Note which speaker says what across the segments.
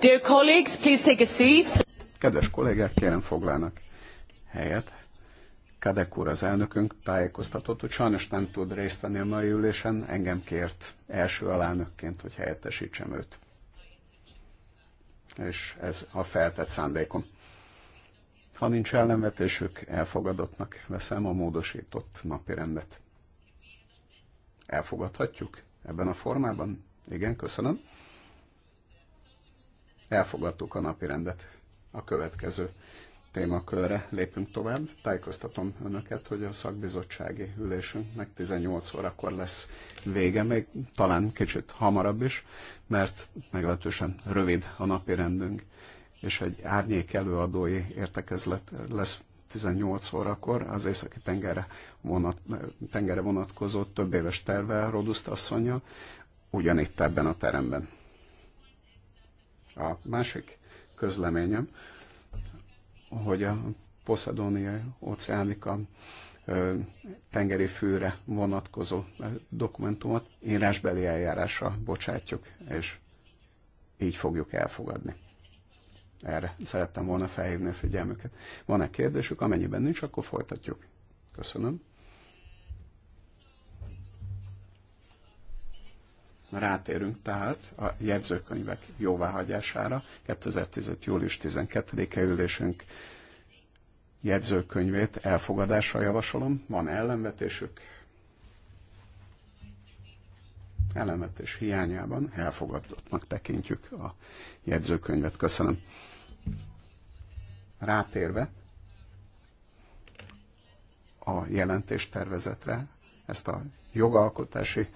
Speaker 1: Dear colleagues, please take a seat. Kedves kollégák, kérem foglalnak helyet. Kadek úr az elnökünk tájékoztatott, hogy sajnos nem tud részt venni a mai ülésen, engem kért első alelnökként, hogy helyettesítsem őt. És ez a feltett szándékom. Ha nincs ellenvetésük, elfogadottnak veszem a módosított napi rendet. Elfogadhatjuk ebben a formában? Igen, köszönöm elfogadtuk a napi rendet. A következő témakörre lépünk tovább. Tájékoztatom önöket, hogy a szakbizottsági ülésünknek 18 órakor lesz vége, még talán kicsit hamarabb is, mert meglehetősen rövid a napi rendünk, és egy árnyék előadói értekezlet lesz 18 órakor az északi tengerre, vonat, tengerre vonatkozó több éves terve Rodusz asszonya, ugyanitt ebben a teremben. A másik közleményem, hogy a Poszadóniai Oceánika tengeri fűre vonatkozó dokumentumot írásbeli eljárásra bocsátjuk, és így fogjuk elfogadni. Erre szerettem volna felhívni a figyelmüket. Van-e kérdésük? Amennyiben nincs, akkor folytatjuk. Köszönöm. Rátérünk tehát a jegyzőkönyvek jóváhagyására. 2010. július 12-e ülésünk jegyzőkönyvét elfogadásra javasolom. Van ellenvetésük? Ellenvetés hiányában elfogadottnak tekintjük a jegyzőkönyvet. Köszönöm. Rátérve a jelentéstervezetre, ezt a jogalkotási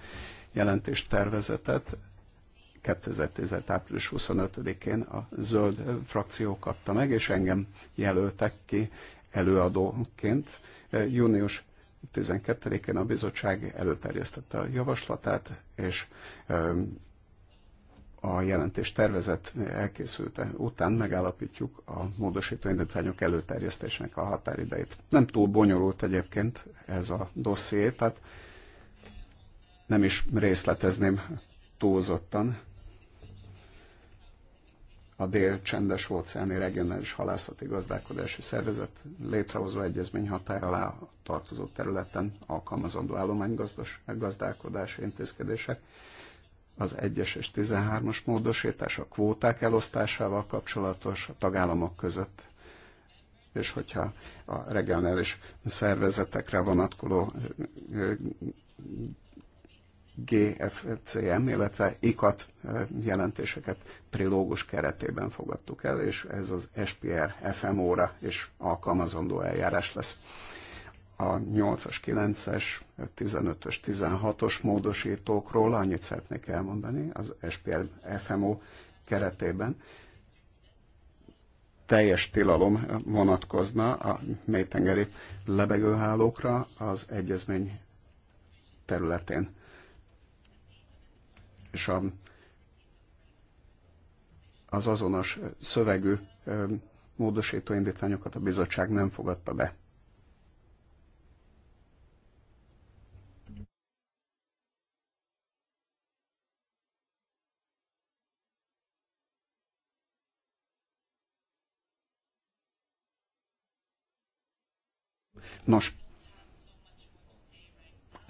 Speaker 1: jelentéstervezetet 2010. április 25-én a zöld frakció kapta meg, és engem jelöltek ki előadóként. Június 12-én a bizottság előterjesztette a javaslatát, és a jelentés tervezet elkészülte után megállapítjuk a módosító indítványok előterjesztésének a határidejét. Nem túl bonyolult egyébként ez a dosszié, tehát nem is részletezném túlzottan a dél-csendes óceáni regionális halászati gazdálkodási szervezet létrehozó egyezmény hatája alá tartozó területen alkalmazandó állománygazdálkodási intézkedések, az 1-es és 13-as módosítás a kvóták elosztásával kapcsolatos a tagállamok között, és hogyha a regionális szervezetekre vonatkozó GFCM, illetve ICAT eh, jelentéseket trilógus keretében fogadtuk el, és ez az SPR FMO-ra is alkalmazandó eljárás lesz. A 8-as, 9-es, 15-ös, 16-os módosítókról annyit szeretnék elmondani az SPR FMO keretében, teljes tilalom vonatkozna a mélytengeri lebegőhálókra az egyezmény területén és a, az azonos szövegű módosító indítványokat a bizottság nem fogadta be. Nos,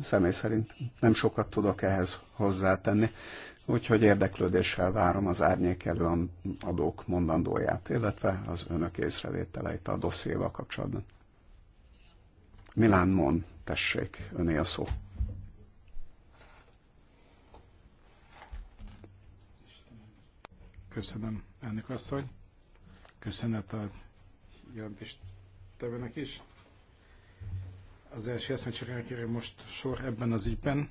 Speaker 1: személy szerint nem sokat tudok ehhez hozzátenni, úgyhogy érdeklődéssel várom az árnyék adók mondandóját, illetve az önök észrevételeit a dosszéval kapcsolatban. Milán Mon, tessék, öné a szó.
Speaker 2: Köszönöm, elnök asszony. Köszönet a tevőnek is. Az első eszmecserére kerül most sor ebben az ügyben,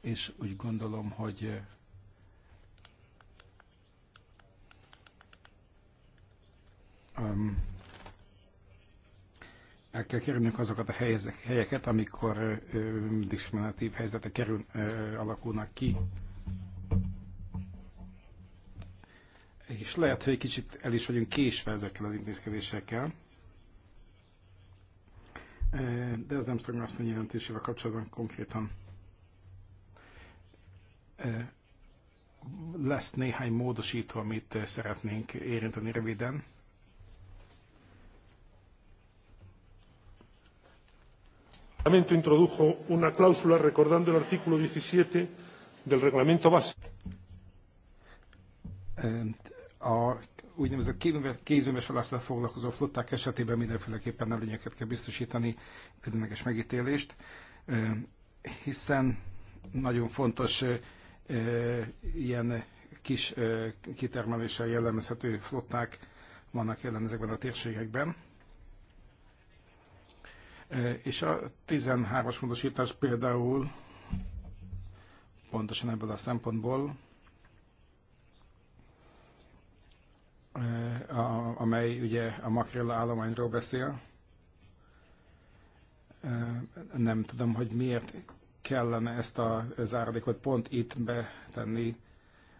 Speaker 2: és úgy gondolom, hogy um, el kell kerülnünk azokat a helyezek, helyeket, amikor um, diszkriminatív helyzetek kerül, uh, alakulnak ki. És lehet, hogy egy kicsit el is vagyunk késve ezekkel az intézkedésekkel de az Armstrong asszony jelentésével kapcsolatban konkrétan lesz néhány módosító, amit szeretnénk érinteni röviden. Parlamento introdujo una cláusula recordando el artículo 17 del reglamento base. A úgynevezett kézműves halászattal foglalkozó flották esetében mindenféleképpen előnyeket kell biztosítani, különleges megítélést, hiszen nagyon fontos ilyen kis kitermeléssel jellemezhető flották vannak jelen ezekben a térségekben. És a 13-as módosítás például pontosan ebből a szempontból amely ugye a makrilla állományról beszél. Nem tudom, hogy miért kellene ezt a záradékot pont itt betenni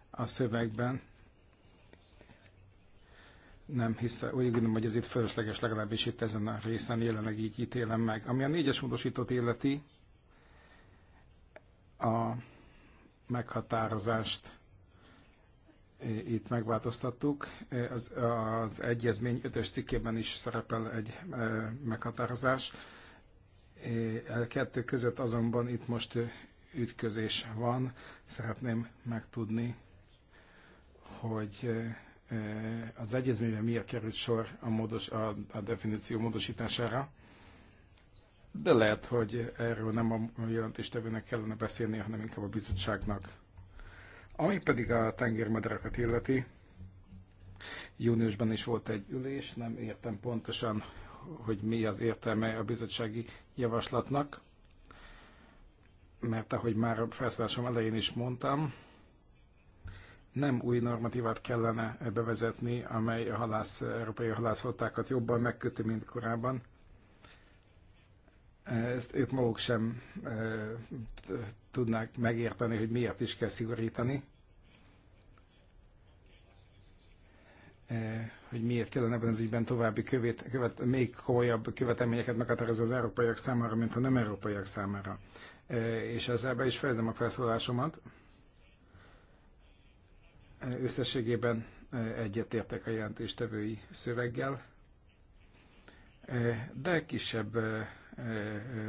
Speaker 2: a szövegben. Nem hiszem, úgy gondolom, hogy ez itt fölösleges, legalábbis itt ezen a részen jelenleg így ítélem meg. Ami a négyes módosítót illeti, a meghatározást itt megváltoztattuk. Az, az egyezmény ötös cikkében is szerepel egy e, meghatározás. A e, e, kettő között azonban itt most ütközés van. Szeretném megtudni, hogy az egyezményben miért került sor a, módos, a, a definíció módosítására, de lehet, hogy erről nem a jelentéstevőnek kellene beszélni, hanem inkább a bizottságnak. Ami pedig a tengermadarakat illeti, júniusban is volt egy ülés, nem értem pontosan, hogy mi az értelme a bizottsági javaslatnak, mert ahogy már a felszállásom elején is mondtam, nem új normatívát kellene bevezetni, amely a halász, európai halászfotákat jobban megköti, mint korábban ezt ők maguk sem tudnák megérteni, hogy miért is kell szigorítani, hogy miért kellene ebben az ügyben további követ, követ, még komolyabb követelményeket meghatározni az európaiak számára, mint a nem európaiak számára. És ezzel be is fejezem a felszólásomat. Összességében egyetértek a jelentéstevői szöveggel, de kisebb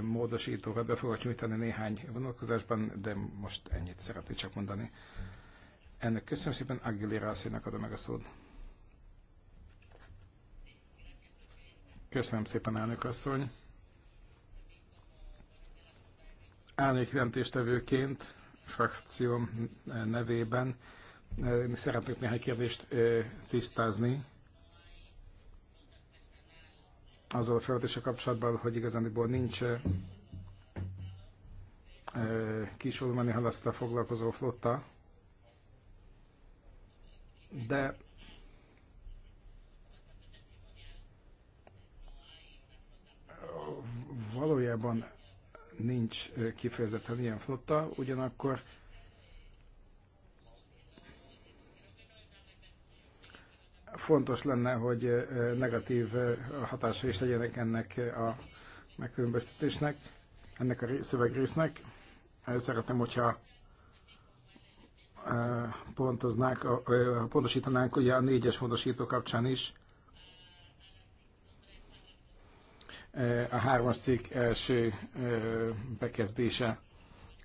Speaker 2: módosítóval be fogok nyújtani néhány vonatkozásban, de most ennyit szeretnék csak mondani. Ennek köszönöm szépen, Agili asszonynak adom meg a szót. Köszönöm szépen, elnök asszony. Elnök jelentéstevőként, frakcióm nevében szeretnék néhány kérdést tisztázni azzal a felvetéssel kapcsolatban, hogy igazániból nincs kis olmani halasztal foglalkozó flotta, de valójában nincs kifejezetten ilyen flotta, ugyanakkor Fontos lenne, hogy negatív hatása is legyenek ennek a megkülönböztetésnek, ennek a szövegrésznek. Szeretném, hogyha pontoznák, pontosítanánk ugye a négyes pontosító kapcsán is, a hármas cikk első bekezdése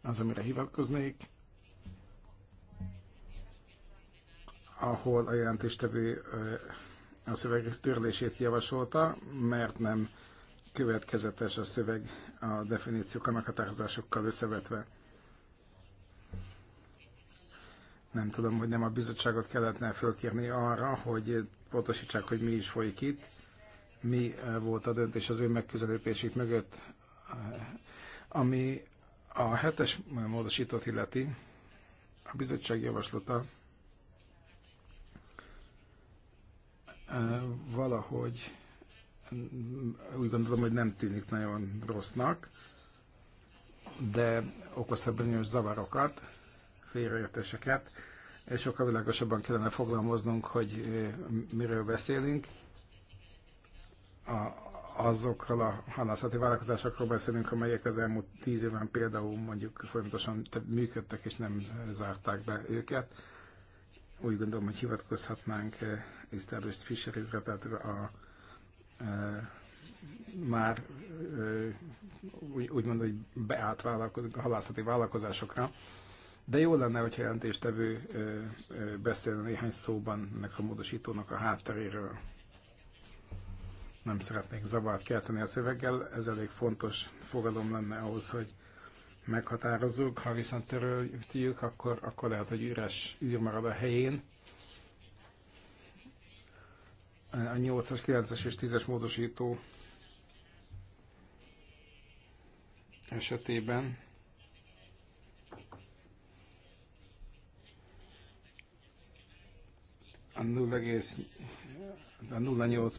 Speaker 2: az, amire hivatkoznék. ahol a jelentéstevő a szöveg törlését javasolta, mert nem következetes a szöveg a definíciók a meghatározásokkal összevetve. Nem tudom, hogy nem a bizottságot kellettne fölkérni arra, hogy pontosítsák, hogy mi is folyik itt, mi volt a döntés az ő megközelítésük mögött, ami a hetes módosítót illeti, a bizottság javaslata valahogy mm, úgy gondolom, hogy nem tűnik nagyon rossznak, de okozta bizonyos zavarokat, félreértéseket, és sokkal világosabban kellene foglalmoznunk, hogy miről beszélünk. A, azokról a halászati vállalkozásokról beszélünk, amelyek az elmúlt tíz évben például mondjuk folyamatosan működtek és nem zárták be őket úgy gondolom, hogy hivatkozhatnánk Established eh, Fisheries-re, tehát a, a eh, már eh, úgy, úgymond, hogy beállt halászati vállalkozásokra. De jó lenne, hogyha jelentéstevő beszélne néhány szóban ennek a módosítónak a hátteréről. Nem szeretnék zavart kelteni a szöveggel, ez elég fontos fogalom lenne ahhoz, hogy meghatározzuk, ha viszont töröltjük, akkor, akkor lehet, hogy üres űr marad a helyén. A 8-as, 9-es és 10-es módosító esetében a 0,8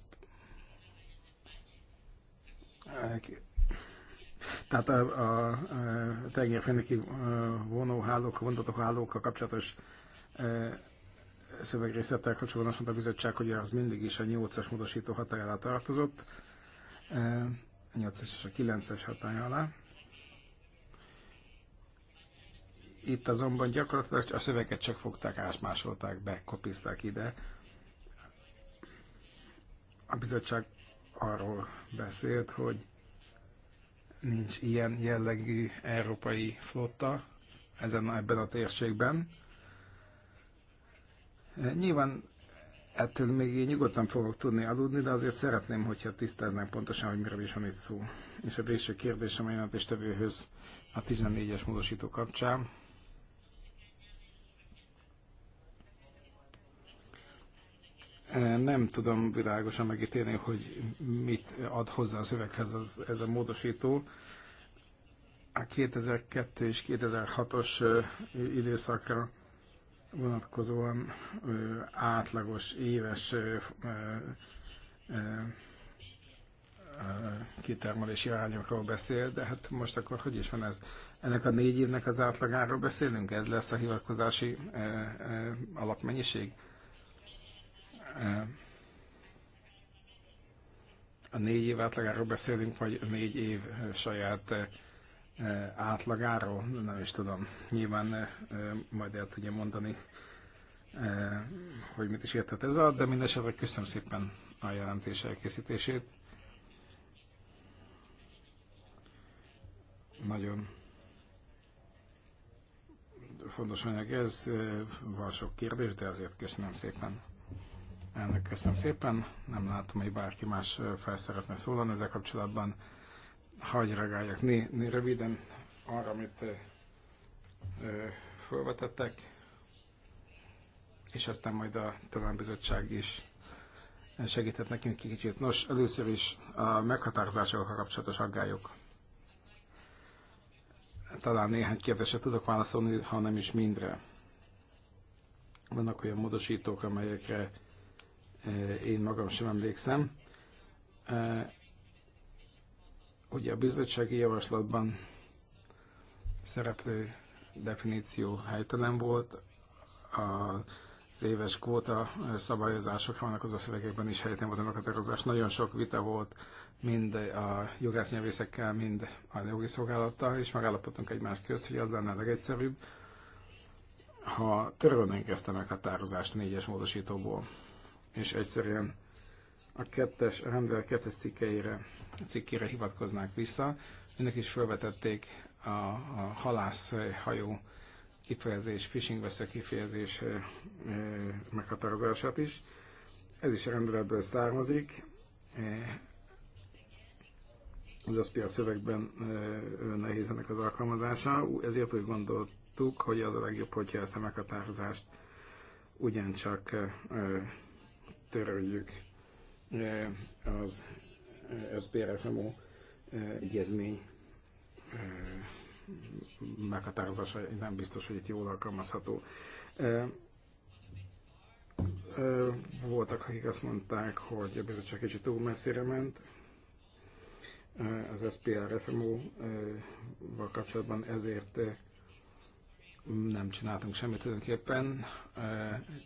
Speaker 2: tehát a, a, a tengerfenéki vonóhálók, vonatok kapcsolatos szövegrészlettel kapcsolatban azt mondta a bizottság, hogy az mindig is a 8-as módosító hatály alá tartozott, a 8-as és a 9-es hatály alá. Itt azonban gyakorlatilag a szöveget csak fogták, ásmásolták be, kopizták ide. A bizottság arról beszélt, hogy nincs ilyen jellegű európai flotta ezen ebben a térségben. Eh, nyilván ettől még én nyugodtan fogok tudni aludni, de azért szeretném, hogyha tisztáznánk pontosan, hogy miről is van itt szó. És a végső kérdésem a jelentéstevőhöz a 14-es módosító kapcsán. Nem tudom világosan megítélni, hogy mit ad hozzá a szöveghez az, ez a módosító. A 2002 és 2006-os időszakra vonatkozóan átlagos éves kitermelési arányokról beszél, de hát most akkor hogy is van ez? Ennek a négy évnek az átlagáról beszélünk? Ez lesz a hivatkozási alapmennyiség? a négy év átlagáról beszélünk, vagy négy év eh, saját eh, eh, átlagáról, nem is tudom. Nyilván majd el tudja mondani, hogy mit is értett ez alatt, de mindesetre köszönöm szépen a jelentés elkészítését. Nagyon fontos anyag ez, van sok kérdés, de azért köszönöm szépen. Elnök, köszönöm szépen. Nem látom, hogy bárki más fel szeretne szólalni ezzel kapcsolatban. Hagy reagáljak né, né, röviden arra, amit ö, felvetettek, és aztán majd a talánbizottság is segített nekünk kicsit. Nos, először is a meghatározásokkal kapcsolatos aggályok. Talán néhány kérdésre tudok válaszolni, ha nem is mindre. Vannak olyan módosítók, amelyekre Eh, én magam sem emlékszem. Eh, ugye a bizottsági javaslatban szereplő definíció helytelen volt, az éves kvóta az vonatkozó szövegekben is helytelen volt a meghatározás. Nagyon sok vita volt mind a jogásznyelvészekkel, mind a jogi szolgálattal, és megállapodtunk egymás közt, hogy az lenne a legegyszerűbb, ha törölnénk ezt a meghatározást a négyes módosítóból és egyszerűen a kettes, a rendelet kettes cikkeire, cikkére hivatkoznák vissza. Önök is felvetették a, a halászhajó kifejezés, fishing vessel kifejezés e, meghatározását is. Ez is a rendeletből származik. E, az SPA szövegben e, nehéz ennek az alkalmazása, ezért úgy gondoltuk, hogy az a legjobb, hogyha ezt a meghatározást ugyancsak töröljük e, az SPRFMO e, e, egyezmény meghatározása nem biztos, hogy itt jól alkalmazható. Voltak, akik azt mondták, hogy a bizottság kicsit túl messzire ment, az SPR FMO-val kapcsolatban ezért nem csináltunk semmit tulajdonképpen,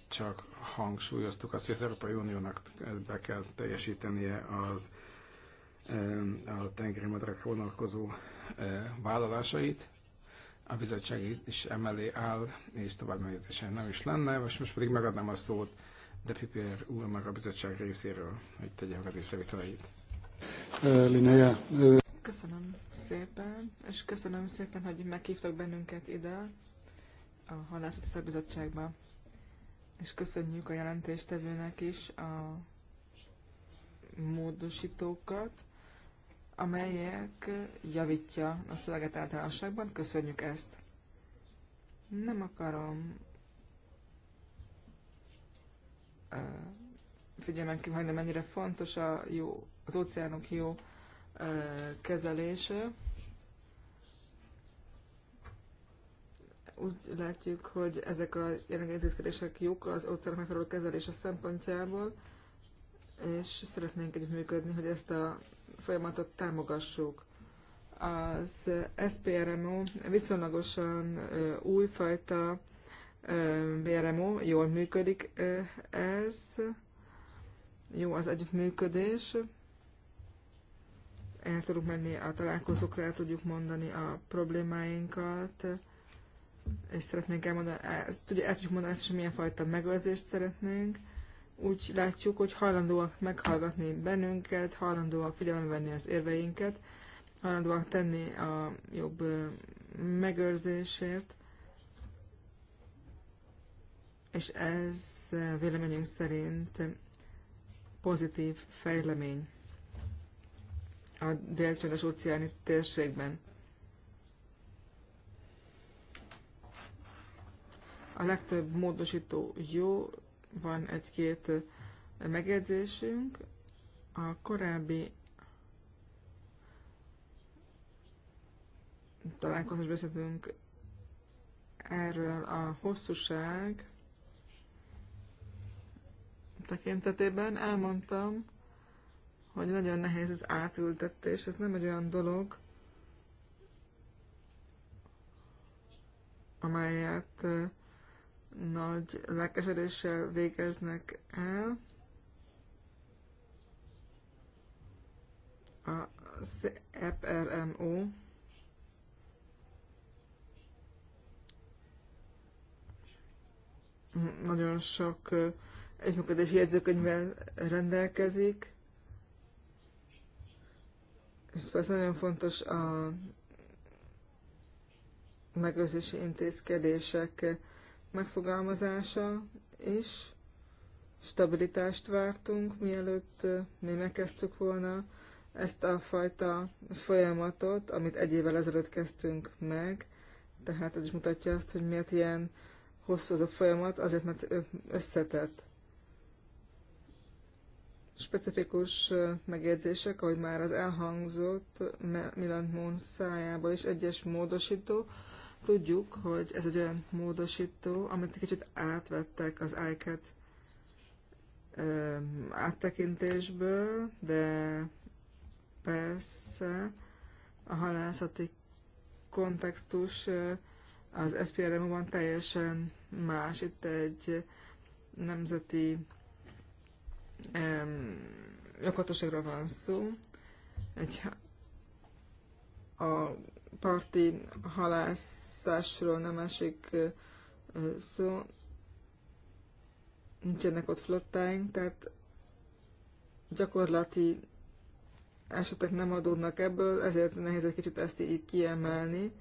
Speaker 2: csak hangsúlyoztuk azt, hogy az Európai Uniónak be kell teljesítenie az a tengeri madarakra vonalkozó vállalásait. A bizottság is emelé áll, és tovább megjegyzésen nem is lenne, Most, most pedig megadnám a szót de úr úrnak a bizottság részéről, hogy tegye meg az észrevételeit. Linnea.
Speaker 3: Köszönöm szépen, és köszönöm szépen, hogy meghívtak bennünket ide a Halászati Szakbizottságba, és köszönjük a jelentéstevőnek is a módosítókat, amelyek javítja a szöveget általánosságban. Köszönjük ezt. Nem akarom figyelmen kihagyni, mennyire fontos a jó, az óceánok jó kezelése. úgy látjuk, hogy ezek a jelenlegi intézkedések jók az óvszerek megfelelő kezelése szempontjából, és szeretnénk együttműködni, hogy ezt a folyamatot támogassuk. Az SPRMO viszonylagosan újfajta BRMO, jól működik ez, jó az együttműködés, el tudunk menni a találkozókra, el tudjuk mondani a problémáinkat, és szeretnénk elmondani, ezt, ugye el tudjuk mondani ezt, hogy milyen fajta megőrzést szeretnénk. Úgy látjuk, hogy hajlandóak meghallgatni bennünket, hajlandóak figyelembe venni az érveinket, hajlandóak tenni a jobb megőrzésért, és ez véleményünk szerint pozitív fejlemény a délcsendes óceáni térségben. A legtöbb módosító jó, van egy-két megjegyzésünk. A korábbi találkozás beszéltünk erről a hosszúság tekintetében. Elmondtam, hogy nagyon nehéz az átültetés, ez nem egy olyan dolog, amelyet nagy lelkesedéssel végeznek el. A FRMO nagyon sok egymunkadási jegyzőkönyvvel rendelkezik, és persze nagyon fontos a megőrzési intézkedések megfogalmazása is. Stabilitást vártunk, mielőtt mi megkezdtük volna ezt a fajta folyamatot, amit egy évvel ezelőtt kezdtünk meg, tehát ez is mutatja azt, hogy miért ilyen hosszú az a folyamat, azért, mert összetett. Specifikus megjegyzések, ahogy már az elhangzott Milan Moon szájából is egyes módosító, Tudjuk, hogy ez egy olyan módosító, amit egy kicsit átvettek az iCat áttekintésből, de persze a halászati kontextus az SPRM-ban teljesen más. Itt egy nemzeti joghatóságra van szó. Egy, a parti halász halászásról nem esik szó. Nincsenek ott flottáink, tehát gyakorlati esetek nem adódnak ebből, ezért nehéz egy kicsit ezt így kiemelni,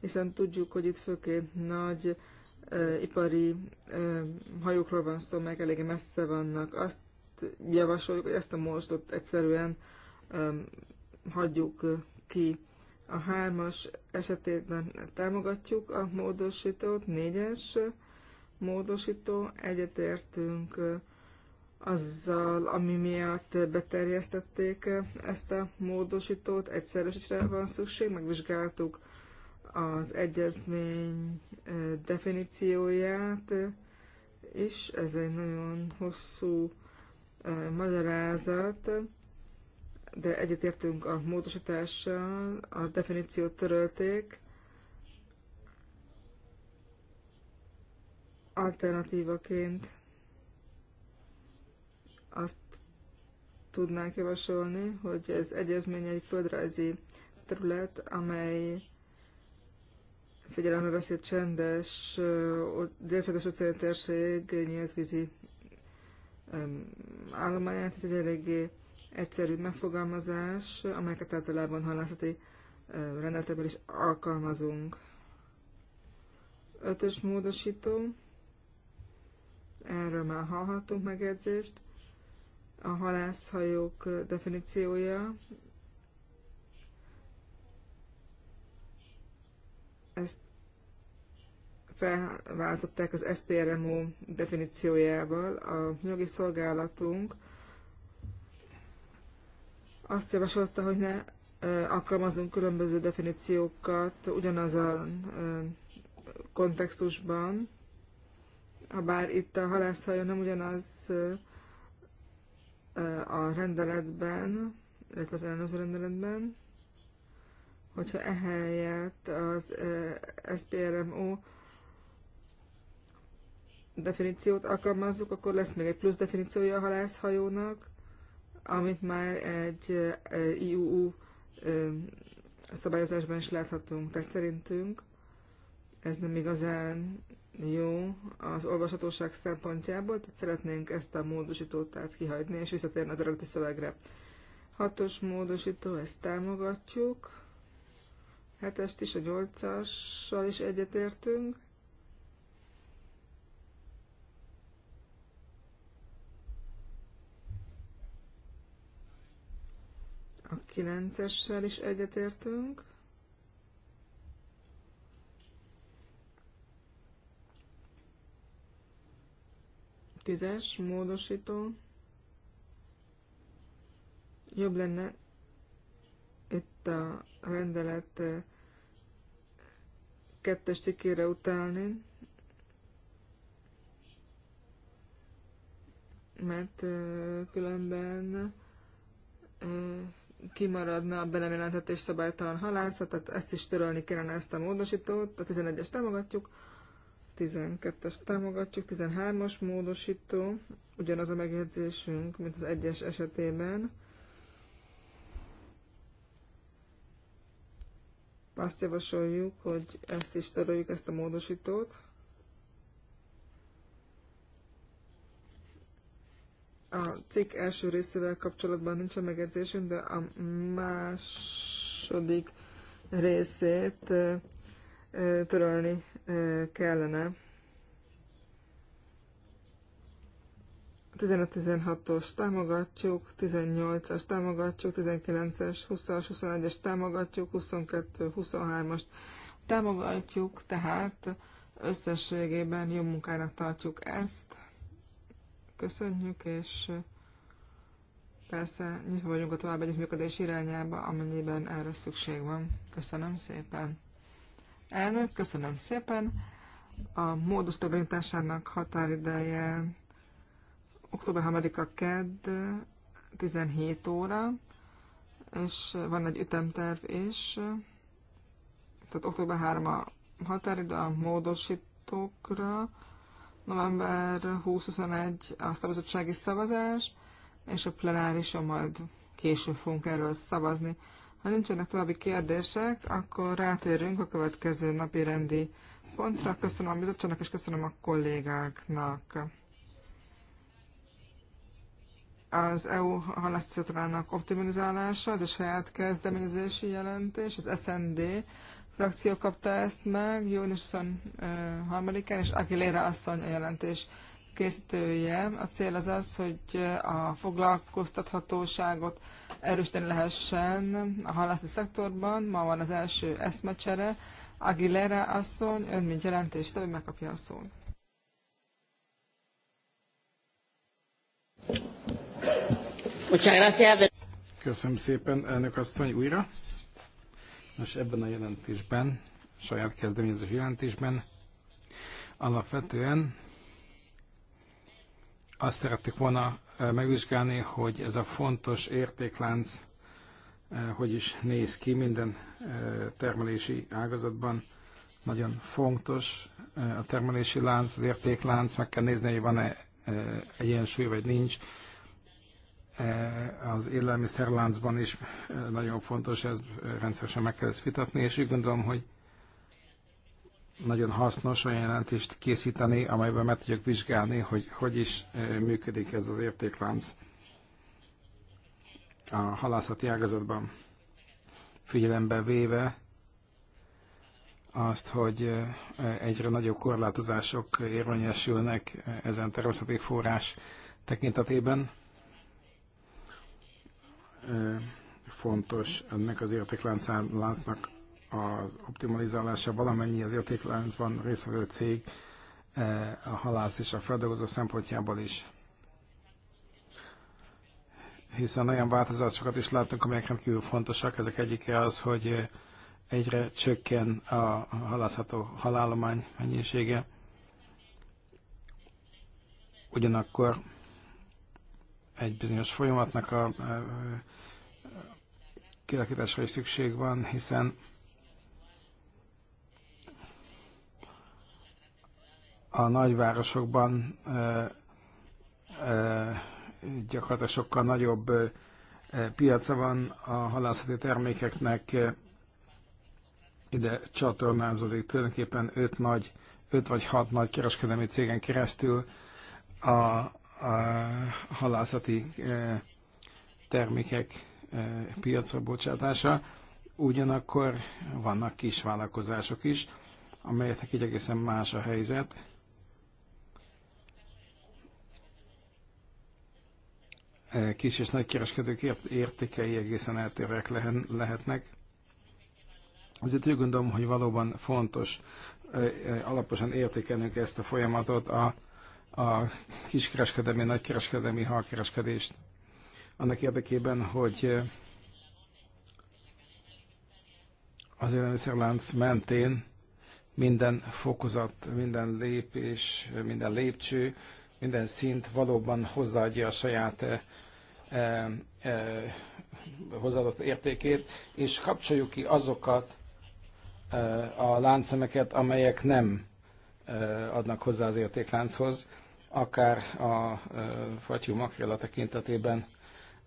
Speaker 3: hiszen tudjuk, hogy itt főként nagy ö, ipari ö, hajókról van szó, meg eléggé messze vannak. Azt javasoljuk, hogy ezt a mostot egyszerűen ö, hagyjuk ki a hármas esetében támogatjuk a módosítót, négyes módosító, egyetértünk azzal, ami miatt beterjesztették ezt a módosítót, egyszerűsítésre van szükség, megvizsgáltuk az egyezmény definícióját, és ez egy nagyon hosszú magyarázat, de egyetértünk a módosítással, a definíciót törölték, alternatívaként azt tudnánk javasolni, hogy ez egyezmény egy földrajzi terület, amely figyelembe veszi csendes, délcsendes óceáni térség nyílt vízi állományát, ez egy eléggé egyszerű megfogalmazás, amelyeket általában halászati rendeletekben is alkalmazunk. Ötös módosító, erről már hallhattunk megjegyzést, a halászhajók definíciója, ezt felváltották az SPRMO definíciójával. A jogi szolgálatunk azt javasolta, hogy ne alkalmazunk különböző definíciókat ugyanaz a kontextusban, ha bár itt a halászhajó nem ugyanaz a rendeletben, illetve az ellenőrző rendeletben, hogyha ehelyett az SPRMO definíciót alkalmazzuk, akkor lesz még egy plusz definíciója a halászhajónak, amit már egy IUU szabályozásban is láthatunk. Tehát szerintünk ez nem igazán jó az olvashatóság szempontjából, tehát szeretnénk ezt a módosítót tehát kihagyni, és visszatérni az eredeti szövegre. Hatos módosító, ezt támogatjuk. Hetest is, a nyolcassal is egyetértünk. A 9-essel is egyetértünk. Tízes, módosító. Jobb lenne itt a rendelet eh, kettes cikkére utálni, mert eh, különben eh, kimaradna a belemélentetés szabálytalan halászat, tehát ezt is törölni kellene ezt a módosítót, a 11-es támogatjuk, 12-es támogatjuk, 13-as módosító, ugyanaz a megjegyzésünk, mint az 1-es esetében. Azt javasoljuk, hogy ezt is töröljük, ezt a módosítót. A cikk első részével kapcsolatban nincs a megedzésünk, de a második részét törölni kellene. 15-16-os támogatjuk, 18-as támogatjuk, 19-es, 20-as, 21-es támogatjuk, 22-23-as támogatjuk, tehát összességében jó munkának tartjuk ezt köszönjük, és persze nyitva vagyunk a tovább együttműködés irányába, amennyiben erre szükség van. Köszönöm szépen. Elnök, köszönöm szépen. A módus bejutásának határideje október 3-a kedd 17 óra, és van egy ütemterv is, tehát október 3 a határidő a módosítókra, november 20-21 a szavazottsági szavazás, és a plenárison majd később fogunk erről szavazni. Ha nincsenek további kérdések, akkor rátérünk a következő napi rendi pontra. Köszönöm a bizottságnak, és köszönöm a kollégáknak. Az EU halászatorának optimalizálása, az a saját kezdeményezési jelentés, az SND frakció kapta ezt meg, június 23-án, és Aguilera asszony a jelentés készítője. A cél az az, hogy a foglalkoztathatóságot erősíteni lehessen a halászati szektorban. Ma van az első eszmecsere. Aguilera asszony, ön mint jelentés, de megkapja a szót.
Speaker 2: Köszönöm szépen, elnök asszony, újra. Most ebben a jelentésben, saját kezdeményező jelentésben alapvetően azt szerettük volna eh, megvizsgálni, hogy ez a fontos értéklánc eh, hogy is néz ki minden eh, termelési ágazatban. Nagyon fontos a termelési lánc, az értéklánc, meg kell nézni, hogy van-e egyensúly, vagy nincs. E, az élelmiszerláncban is e, nagyon fontos, ez rendszeresen meg kell ezt vitatni, és úgy gondolom, hogy nagyon hasznos olyan jelentést készíteni, amelyben meg tudjuk vizsgálni, hogy hogy is e, működik ez az értéklánc a halászati ágazatban. Figyelembe véve azt, hogy egyre nagyobb korlátozások érvényesülnek ezen természeti forrás tekintetében, fontos ennek az értékláncnak az optimalizálása. Valamennyi az értékláncban részvevő cég a halász és a feldolgozó szempontjából is hiszen olyan változásokat is látunk, amelyek rendkívül fontosak. Ezek egyike az, hogy egyre csökken a halászható halállomány mennyisége. Ugyanakkor egy bizonyos folyamatnak a kialakításra is szükség van, hiszen a nagyvárosokban gyakorlatilag sokkal nagyobb piaca van a halászati termékeknek, ide csatornázódik tulajdonképpen öt nagy, öt vagy hat nagy kereskedelmi cégen keresztül a halászati e, termékek e, piacra bocsátása. Ugyanakkor vannak kis vállalkozások is, amelyeknek egy egészen más a helyzet. E, kis és nagy kereskedők értékei egészen eltérőek lehetnek. Azért úgy gondolom, hogy valóban fontos alaposan értékelnünk ezt a folyamatot a a kiskereskedelmi, nagykereskedelmi halkereskedést annak érdekében, hogy eh, az élelmiszerlánc mentén minden fokozat, minden lépés, minden lépcső, minden szint valóban hozzáadja a saját e, e, hozzáadott értékét, és kapcsoljuk ki azokat e, a láncszemeket, amelyek nem e, adnak hozzá az értéklánchoz akár a fatyú makrela tekintetében,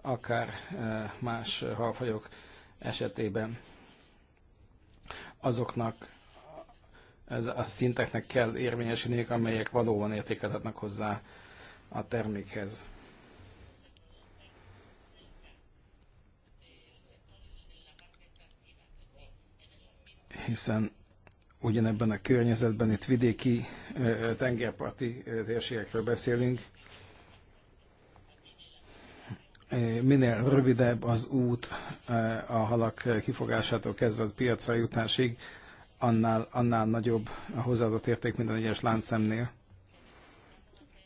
Speaker 2: akár más halfajok esetében. Azoknak ez a szinteknek kell érvényesülni, amelyek valóban adnak hozzá a termékhez. Hiszen ugyanebben a környezetben, itt vidéki tengerparti térségekről beszélünk, minél rövidebb az út a halak kifogásától kezdve az piacra jutásig, annál, annál nagyobb a hozzáadott érték minden egyes láncszemnél.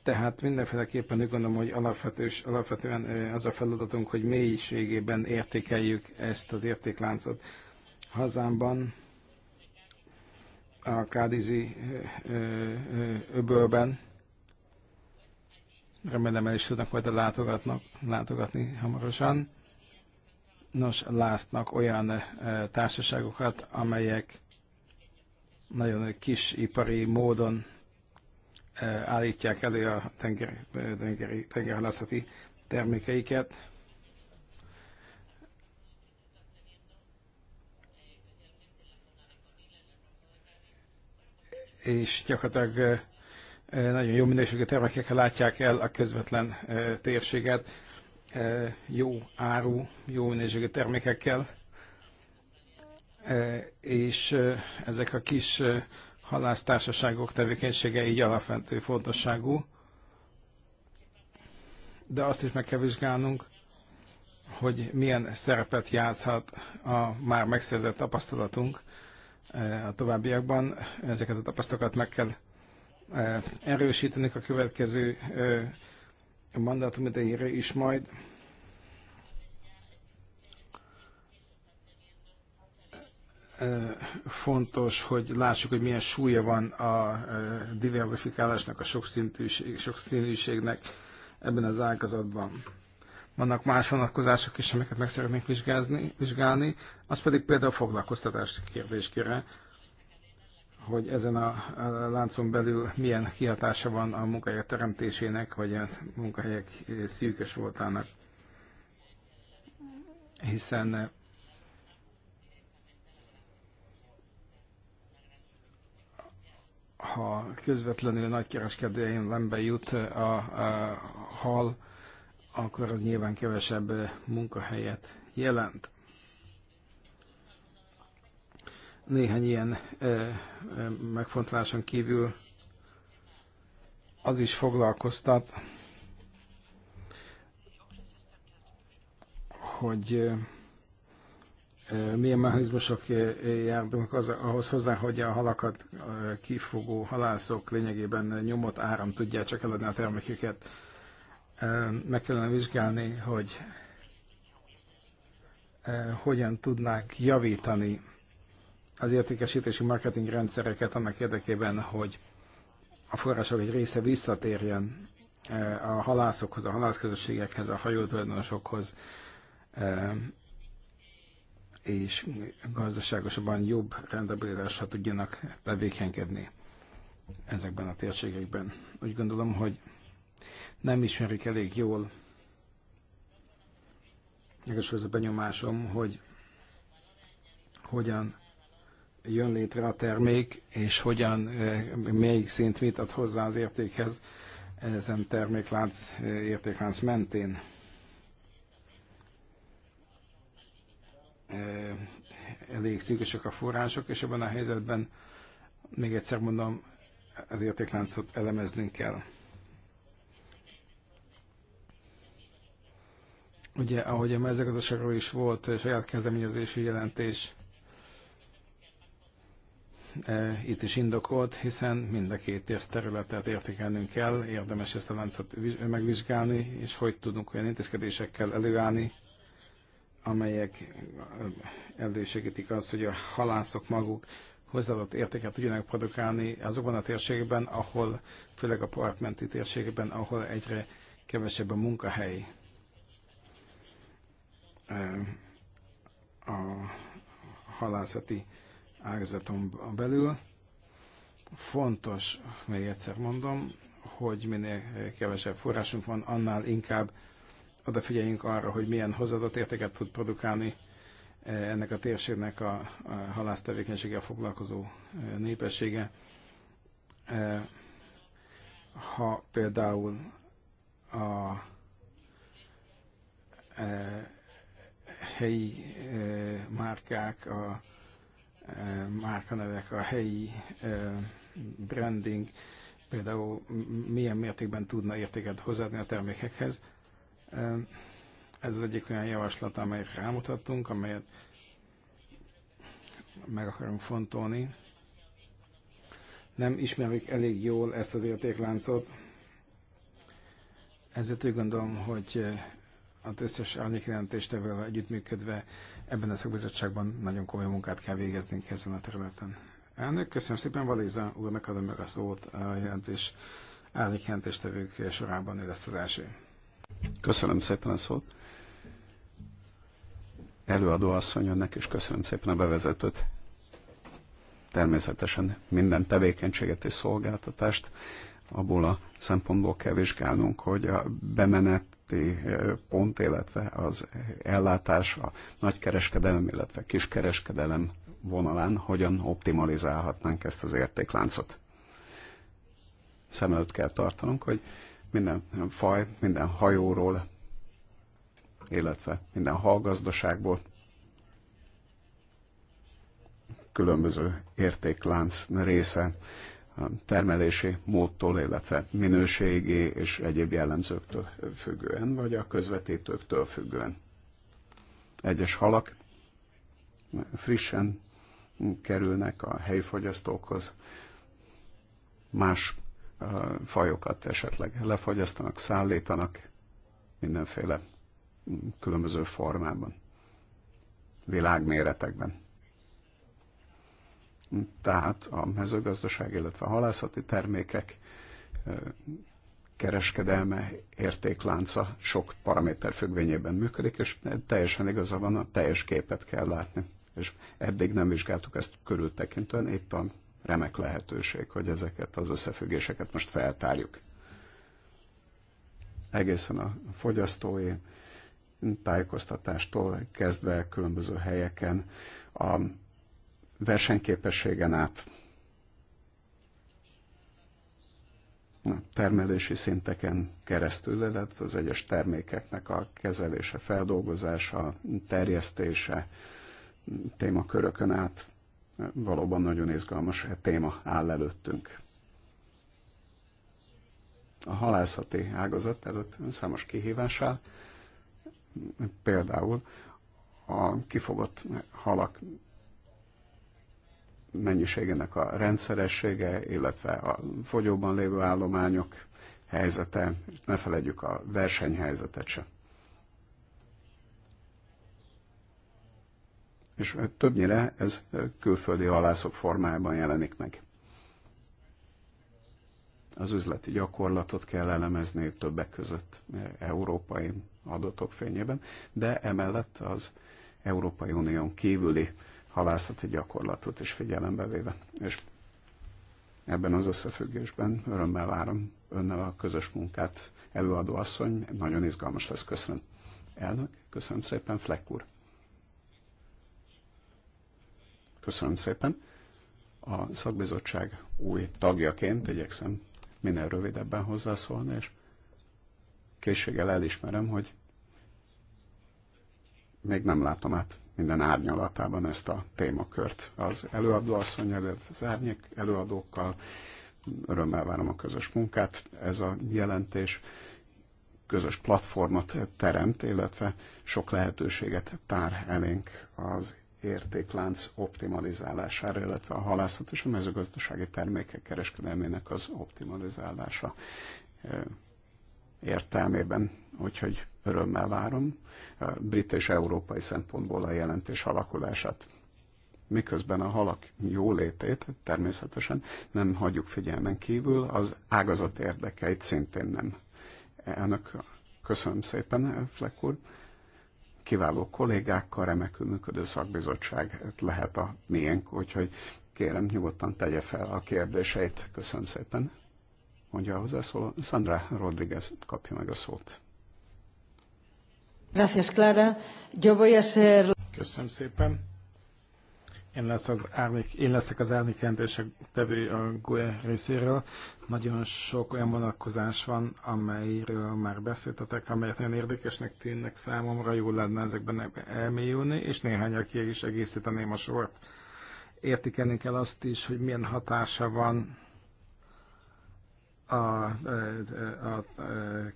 Speaker 2: Tehát mindenféleképpen úgy gondolom, hogy alapvetős, alapvetően az a feladatunk, hogy mélységében értékeljük ezt az értékláncot. Hazámban a Kádizi öbölben. Remélem el is tudnak majd látogatnak, látogatni hamarosan. Nos, látnak olyan társaságokat, amelyek nagyon kis ipari módon állítják elő a tenger, tengeri, tengerhalászati termékeiket. és gyakorlatilag nagyon jó minőségű termékekkel látják el a közvetlen térséget, jó áru, jó minőségű termékekkel, és ezek a kis halásztársaságok tevékenysége így alapvető fontosságú, de azt is meg kell vizsgálnunk, hogy milyen szerepet játszhat a már megszerzett tapasztalatunk E, a továbbiakban. Ezeket a tapasztalatokat meg kell e, erősíteni a következő e, mandátum idejére is majd. fontos, hogy lássuk, hogy milyen súlya van a diversifikálásnak, a sokszínűségnek ebben az ágazatban vannak más vonatkozások is, amiket meg szeretnénk vizsgálni, vizsgálni, az pedig például a foglalkoztatás kérdéskére, hogy ezen a láncon belül milyen kihatása van a munkahelyek teremtésének, vagy a munkahelyek szűkös voltának. Hiszen eh, ha közvetlenül nagy lembe jut eh, a, a hal, akkor az nyilván kevesebb munkahelyet jelent. Néhány ilyen megfontoláson kívül az is foglalkoztat, hogy milyen mechanizmusok járnak az, ahhoz hozzá, hogy a halakat kifogó halászok lényegében nyomott áram tudják csak eladni a terméküket meg kellene vizsgálni, hogy hogyan tudnák javítani az értékesítési marketing rendszereket annak érdekében, hogy a források egy része visszatérjen a halászokhoz, a halászközösségekhez, a hajótulajdonosokhoz, és gazdaságosabban jobb rendabilitással tudjanak tevékenykedni ezekben a térségekben. Úgy gondolom, hogy nem ismerik elég jól. Nekem ez a benyomásom, hogy hogyan jön létre a termék, és hogyan, eh, melyik szint mit ad hozzá az értékhez ezen terméklánc, eh, értéklánc mentén. Eh, elég szűkösek a források, és ebben a helyzetben, még egyszer mondom, az értékláncot elemeznünk kell. Ugye, ahogy a mezőgazdaságról is volt saját kezdeményezési jelentés, e, itt is indokolt, hiszen mind a két területet értékelnünk kell, érdemes ezt a láncot megvizsgálni, és hogy tudunk olyan intézkedésekkel előállni, amelyek elősegítik azt, hogy a halászok maguk hozzáadott értéket tudjanak produkálni azokban a térségekben, ahol, főleg a partmenti térségekben, ahol egyre kevesebb a munkahely a halászati ágazaton belül. Fontos, még egyszer mondom, hogy minél kevesebb forrásunk van, annál inkább odafigyeljünk arra, hogy milyen hozadott értéket tud produkálni eh, ennek a térségnek a halásztevékenységgel foglalkozó eh, népessége. Eh, ha például a helyi márkák, a márkanevek, a helyi branding például milyen mértékben tudna értéket hozzáadni a termékekhez. Ez az egyik olyan javaslat, amelyet rámutattunk, amelyet meg akarunk fontolni. Nem ismerik elég jól ezt az értékláncot, ezért úgy gondolom, hogy az összes árnyékjelentéstevővel együttműködve ebben a szakbizottságban nagyon komoly munkát kell végeznünk ezen a területen. Elnök, köszönöm szépen, Valéza úrnak adom meg a szót a jelentés árnyékjelentéstevők sorában, ő lesz az első.
Speaker 1: Köszönöm szépen a szót. Előadó asszony, önnek is köszönöm szépen a bevezetőt természetesen minden tevékenységet és szolgáltatást abból a szempontból kell vizsgálnunk, hogy a bemeneti eh, pont, illetve az ellátás a nagykereskedelem, illetve kiskereskedelem vonalán hogyan optimalizálhatnánk ezt az értékláncot. Szem előtt kell tartanunk, hogy minden faj, minden hajóról, illetve minden hallgazdaságból különböző értéklánc része termelési módtól, illetve minőségi és egyéb jellemzőktől függően, vagy a közvetítőktől függően. Egyes halak frissen kerülnek a helyi fogyasztókhoz, más fajokat esetleg lefogyasztanak, szállítanak mindenféle különböző formában, világméretekben tehát a mezőgazdaság, illetve a halászati termékek kereskedelme, értéklánca sok paraméter függvényében működik, és teljesen igaza van, a teljes képet kell látni. És eddig nem vizsgáltuk ezt körültekintően, itt a remek lehetőség, hogy ezeket az összefüggéseket most feltárjuk. Egészen a fogyasztói tájékoztatástól kezdve különböző helyeken a versenyképességen át a termelési szinteken keresztül, illetve az egyes termékeknek a kezelése, feldolgozása, terjesztése témakörökön át valóban nagyon izgalmas téma áll előttünk. A halászati ágazat előtt számos kihívás áll, például a kifogott halak mennyiségének a rendszeressége, illetve a fogyóban lévő állományok helyzete, és ne felejtjük a versenyhelyzetet se. És többnyire ez külföldi halászok formájában jelenik meg. Az üzleti gyakorlatot kell elemezni többek között európai adatok fényében, de emellett az Európai Unión kívüli halászati gyakorlatot is figyelembe véve. És ebben az összefüggésben örömmel várom önnel a közös munkát. Előadó asszony, nagyon izgalmas lesz, köszönöm. Elnök, köszönöm szépen, Fleck úr. Köszönöm szépen. A szakbizottság új tagjaként igyekszem minél rövidebben hozzászólni, és készséggel elismerem, hogy még nem látom át minden árnyalatában ezt a témakört az előadóasszony, előtt az árnyék előadókkal. Örömmel várom a közös munkát. Ez a jelentés közös platformot teremt, illetve sok lehetőséget tár elénk az értéklánc optimalizálására, illetve a halászat és a mezőgazdasági termékek kereskedelmének az optimalizálása értelmében, úgyhogy örömmel várom a brit és európai szempontból a jelentés alakulását. Miközben a halak jólétét természetesen nem hagyjuk figyelmen kívül, az ágazat érdekeit szintén nem. Ennek köszönöm szépen, Fleck úr. Kiváló kollégákkal remekül működő szakbizottság lehet a miénk, úgyhogy kérem nyugodtan tegye fel a kérdéseit. Köszönöm szépen mondja a hozzászóló. Sandra Rodriguez kapja
Speaker 2: meg a szót.
Speaker 3: Gracias, Clara. Yo voy a ser...
Speaker 2: Köszönöm szépen. Én, lesz az árnyék, én leszek az árnyék jelentések tevő a GUE részéről. Nagyon sok olyan vonatkozás van, amelyről már beszéltetek, amelyet nagyon érdekesnek tűnnek számomra, jó lenne ezekben elmélyülni, és néhány aki is egészíteném a sort. Értikelni kell azt is, hogy milyen hatása van a, a, a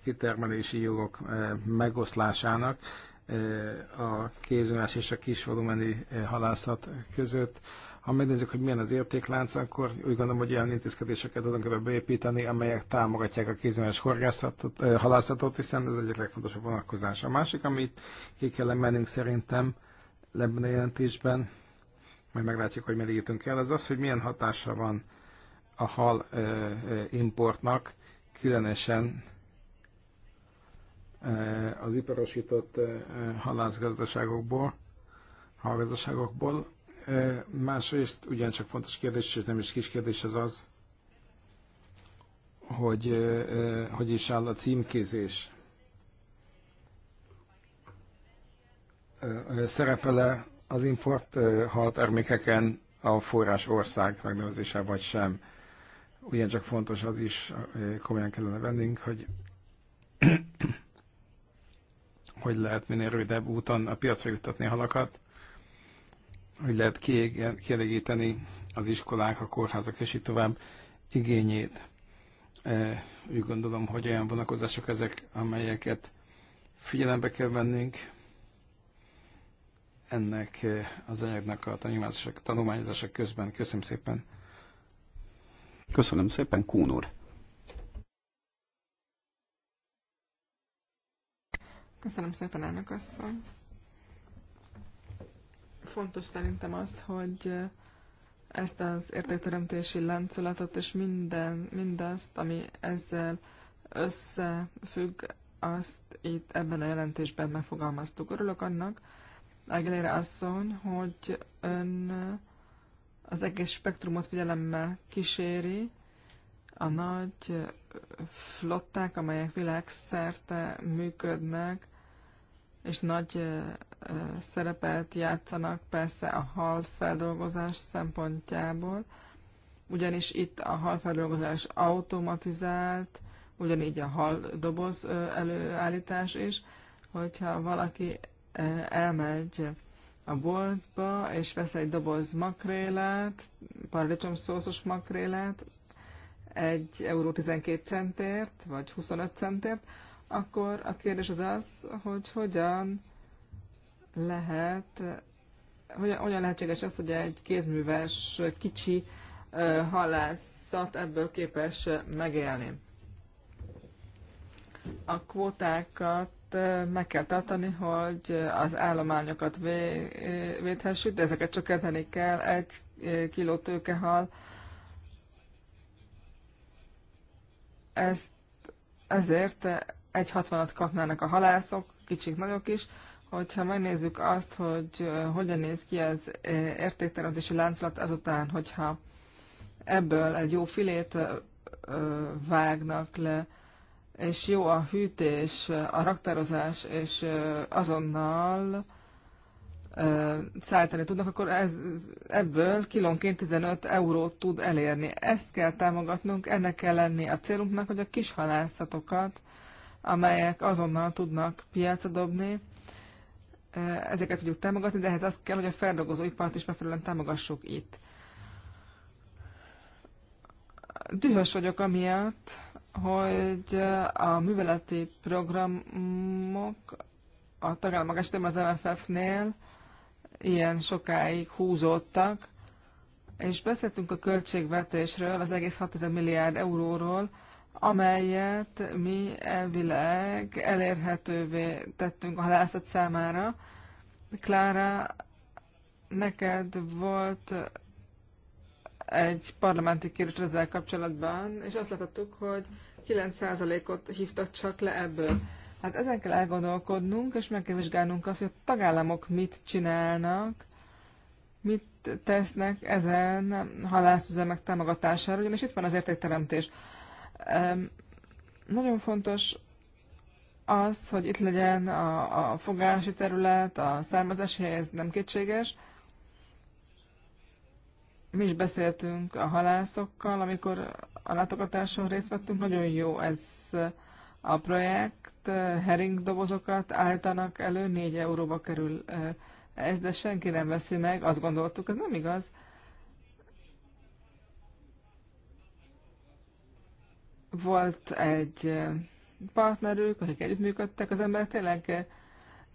Speaker 2: kitermelési jogok e, megoszlásának e, a kézművás és a kis volumenű e, halászat között. Ha megnézzük, hogy milyen az értéklánc, akkor úgy gondolom, hogy olyan intézkedéseket tudunk ebbe beépíteni, amelyek támogatják a kézműves halászatot, hiszen ez egyik legfontosabb vonatkozás. A másik, amit ki kell emelnünk szerintem ebben a jelentésben, majd meglátjuk, hogy meddig el, az az, hogy milyen hatása van a hal importnak, különösen az iparosított halászgazdaságokból, halgazdaságokból Másrészt ugyancsak fontos kérdés, és nem is kis kérdés az az, hogy hogy is áll a címkézés. Szerepele az import haltermékeken a forrás ország megnevezése, vagy sem ugyancsak fontos az is, komolyan kellene vennünk, hogy hogy lehet minél rövidebb úton a piacra juttatni halakat, hogy lehet kielégíteni az iskolák, a kórházak és így tovább igényét. Úgy gondolom, hogy olyan vonakozások ezek, amelyeket figyelembe kell vennünk ennek az anyagnak a tanulmányozások közben. Köszönöm szépen!
Speaker 1: Köszönöm szépen, Kún úr.
Speaker 3: Köszönöm szépen, elnök asszony. Fontos szerintem az, hogy ezt az értékteremtési láncolatot és minden, mindazt, ami ezzel összefügg, azt itt ebben a jelentésben megfogalmaztuk. Örülök annak, Aguilera asszony, hogy ön az egész spektrumot figyelemmel kíséri, a nagy flották, amelyek világszerte működnek, és nagy szerepet játszanak persze a halfeldolgozás szempontjából, ugyanis itt a halfeldolgozás automatizált, ugyanígy a hal doboz előállítás is, hogyha valaki elmegy a boltba, és vesz egy doboz makrélát, paradicsomszószos makrélát, egy euró 12 centért, vagy 25 centért, akkor a kérdés az az, hogy hogyan lehet, hogyan, hogyan lehetséges az, hogy egy kézműves, kicsi uh, halászat ebből képes megélni. A kvótákat meg kell tartani, hogy az állományokat védhessük, de ezeket csökkenteni kell. Egy kiló tőkehal. Ezt, ezért egy hatvanat kapnának a halászok, kicsik, nagyok is. Hogyha megnézzük azt, hogy hogyan néz ki az értékteremtési láncolat azután, hogyha ebből egy jó filét vágnak le, és jó a hűtés, a raktározás, és azonnal szállítani tudnak, akkor ez, ebből kilónként 15 eurót tud elérni. Ezt kell támogatnunk, ennek kell lenni a célunknak, hogy a kis halászatokat, amelyek azonnal tudnak piacra dobni, ezeket tudjuk támogatni, de ehhez az kell, hogy a feldolgozóipart is megfelelően támogassuk itt. Dühös vagyok amiatt, hogy a műveleti programok a tagállamok esetében az MFF-nél ilyen sokáig húzódtak, és beszéltünk a költségvetésről, az egész 6 milliárd euróról, amelyet mi elvileg elérhetővé tettünk a halászat számára. Klára, neked volt egy parlamenti kérdés ezzel kapcsolatban, és azt láttuk, hogy 9%-ot hívtak csak le ebből. Hát ezen kell elgondolkodnunk, és meg kell vizsgálnunk azt, hogy a tagállamok mit csinálnak, mit tesznek ezen halászüzemek támogatására, ugyanis itt van az értékteremtés. Nagyon fontos az, hogy itt legyen a, a fogási terület, a származási hely, ez nem kétséges. Mi is beszéltünk a halászokkal, amikor a látogatáson részt vettünk. Nagyon jó ez a projekt. Hering dobozokat álltanak elő, 4 euróba kerül e, ez, de senki nem veszi meg. Azt gondoltuk, ez nem igaz. Volt egy e, partnerük, akik együttműködtek, az emberek tényleg e,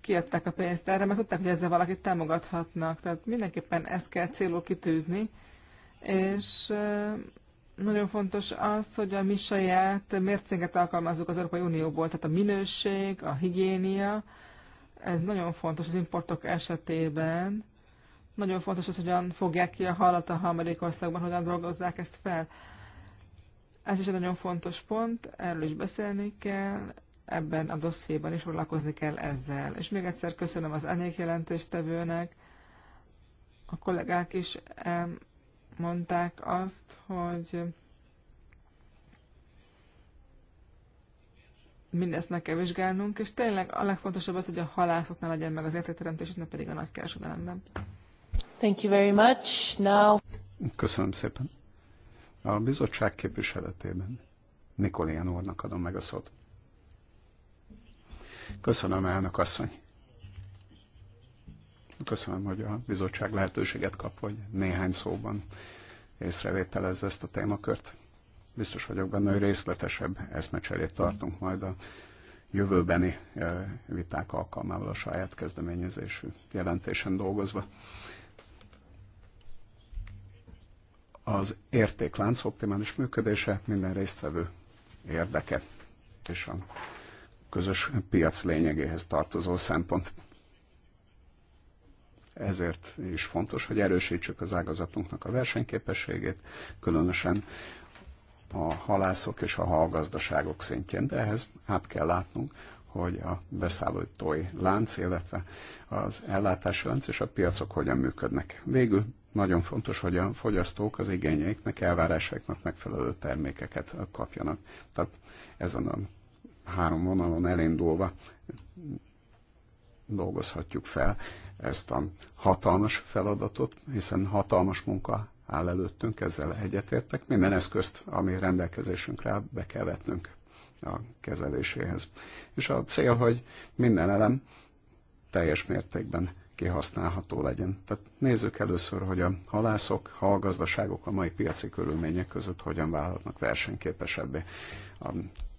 Speaker 3: kiadták a pénzt erre, mert tudták, hogy ezzel valakit támogathatnak. Tehát mindenképpen ezt kell célul kitűzni, és nagyon fontos az, hogy a mi saját mércénket alkalmazzuk az Európai Unióból, tehát a minőség, a higiénia, ez nagyon fontos az importok esetében. Nagyon fontos az, hogyan fogják ki a halat a harmadik országban, hogyan dolgozzák ezt fel. Ez is egy nagyon fontos pont, erről is beszélni kell, ebben a dossziéban is foglalkozni kell ezzel. És még egyszer köszönöm az enyék jelentéstevőnek, a kollégák is mondták azt, hogy mindezt meg kell vizsgálnunk, és tényleg a legfontosabb az, hogy a ne legyen meg az értékteremtés, ne pedig a kereskedelemben.
Speaker 2: Thank you very much. Now...
Speaker 1: Köszönöm szépen. A bizottság képviseletében Nikolian úrnak adom meg a szót. Köszönöm, elnök asszony köszönöm, hogy a bizottság lehetőséget kap, hogy néhány szóban észrevételezze ezt a témakört. Biztos vagyok benne, hogy részletesebb eszmecserét tartunk majd a jövőbeni viták alkalmával a saját kezdeményezésű jelentésen dolgozva. Az értéklánc optimális működése minden résztvevő érdeke, és a közös piac lényegéhez tartozó szempont ezért is fontos, hogy erősítsük az ágazatunknak a versenyképességét, különösen a halászok és a halgazdaságok szintjén, de ehhez át kell látnunk, hogy a beszállítói lánc, illetve az ellátási lánc és a piacok hogyan működnek. Végül nagyon fontos, hogy a fogyasztók az igényeiknek, elvárásaiknak megfelelő termékeket kapjanak. Tehát ezen a három vonalon elindulva dolgozhatjuk fel ezt a hatalmas feladatot, hiszen hatalmas munka áll előttünk, ezzel egyetértek. Minden eszközt, ami rendelkezésünkre áll, be kell vetnünk a kezeléséhez. És a cél, hogy minden elem teljes mértékben kihasználható legyen. Tehát nézzük először, hogy a halászok, halgazdaságok a mai piaci körülmények között hogyan válhatnak versenyképesebbé. A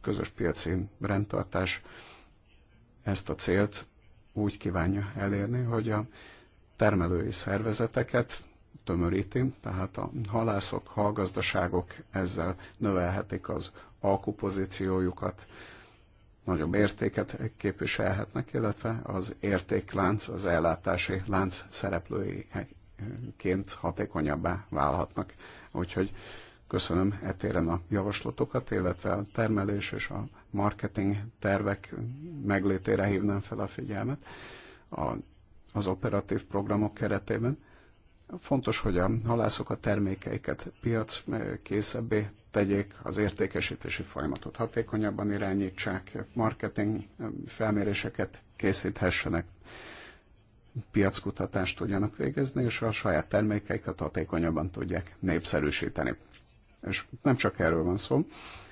Speaker 1: közös piaci rendtartás ezt a célt úgy kívánja elérni, hogy a termelői szervezeteket tömöríti, tehát a halászok, hallgazdaságok ezzel növelhetik az alkupozíciójukat, nagyobb értéket képviselhetnek, illetve az értéklánc, az ellátási lánc szereplőiként hatékonyabbá válhatnak. Úgyhogy köszönöm etéren a javaslatokat, illetve a termelés és a marketing tervek meglétére hívnám fel a figyelmet a, az operatív programok keretében. Fontos, hogy a halászok a termékeiket piac eh, készebbé tegyék, az értékesítési folyamatot hatékonyabban irányítsák, marketing eh, felméréseket készíthessenek, piackutatást tudjanak végezni, és a saját termékeiket hatékonyabban tudják népszerűsíteni. És nem csak erről van szó,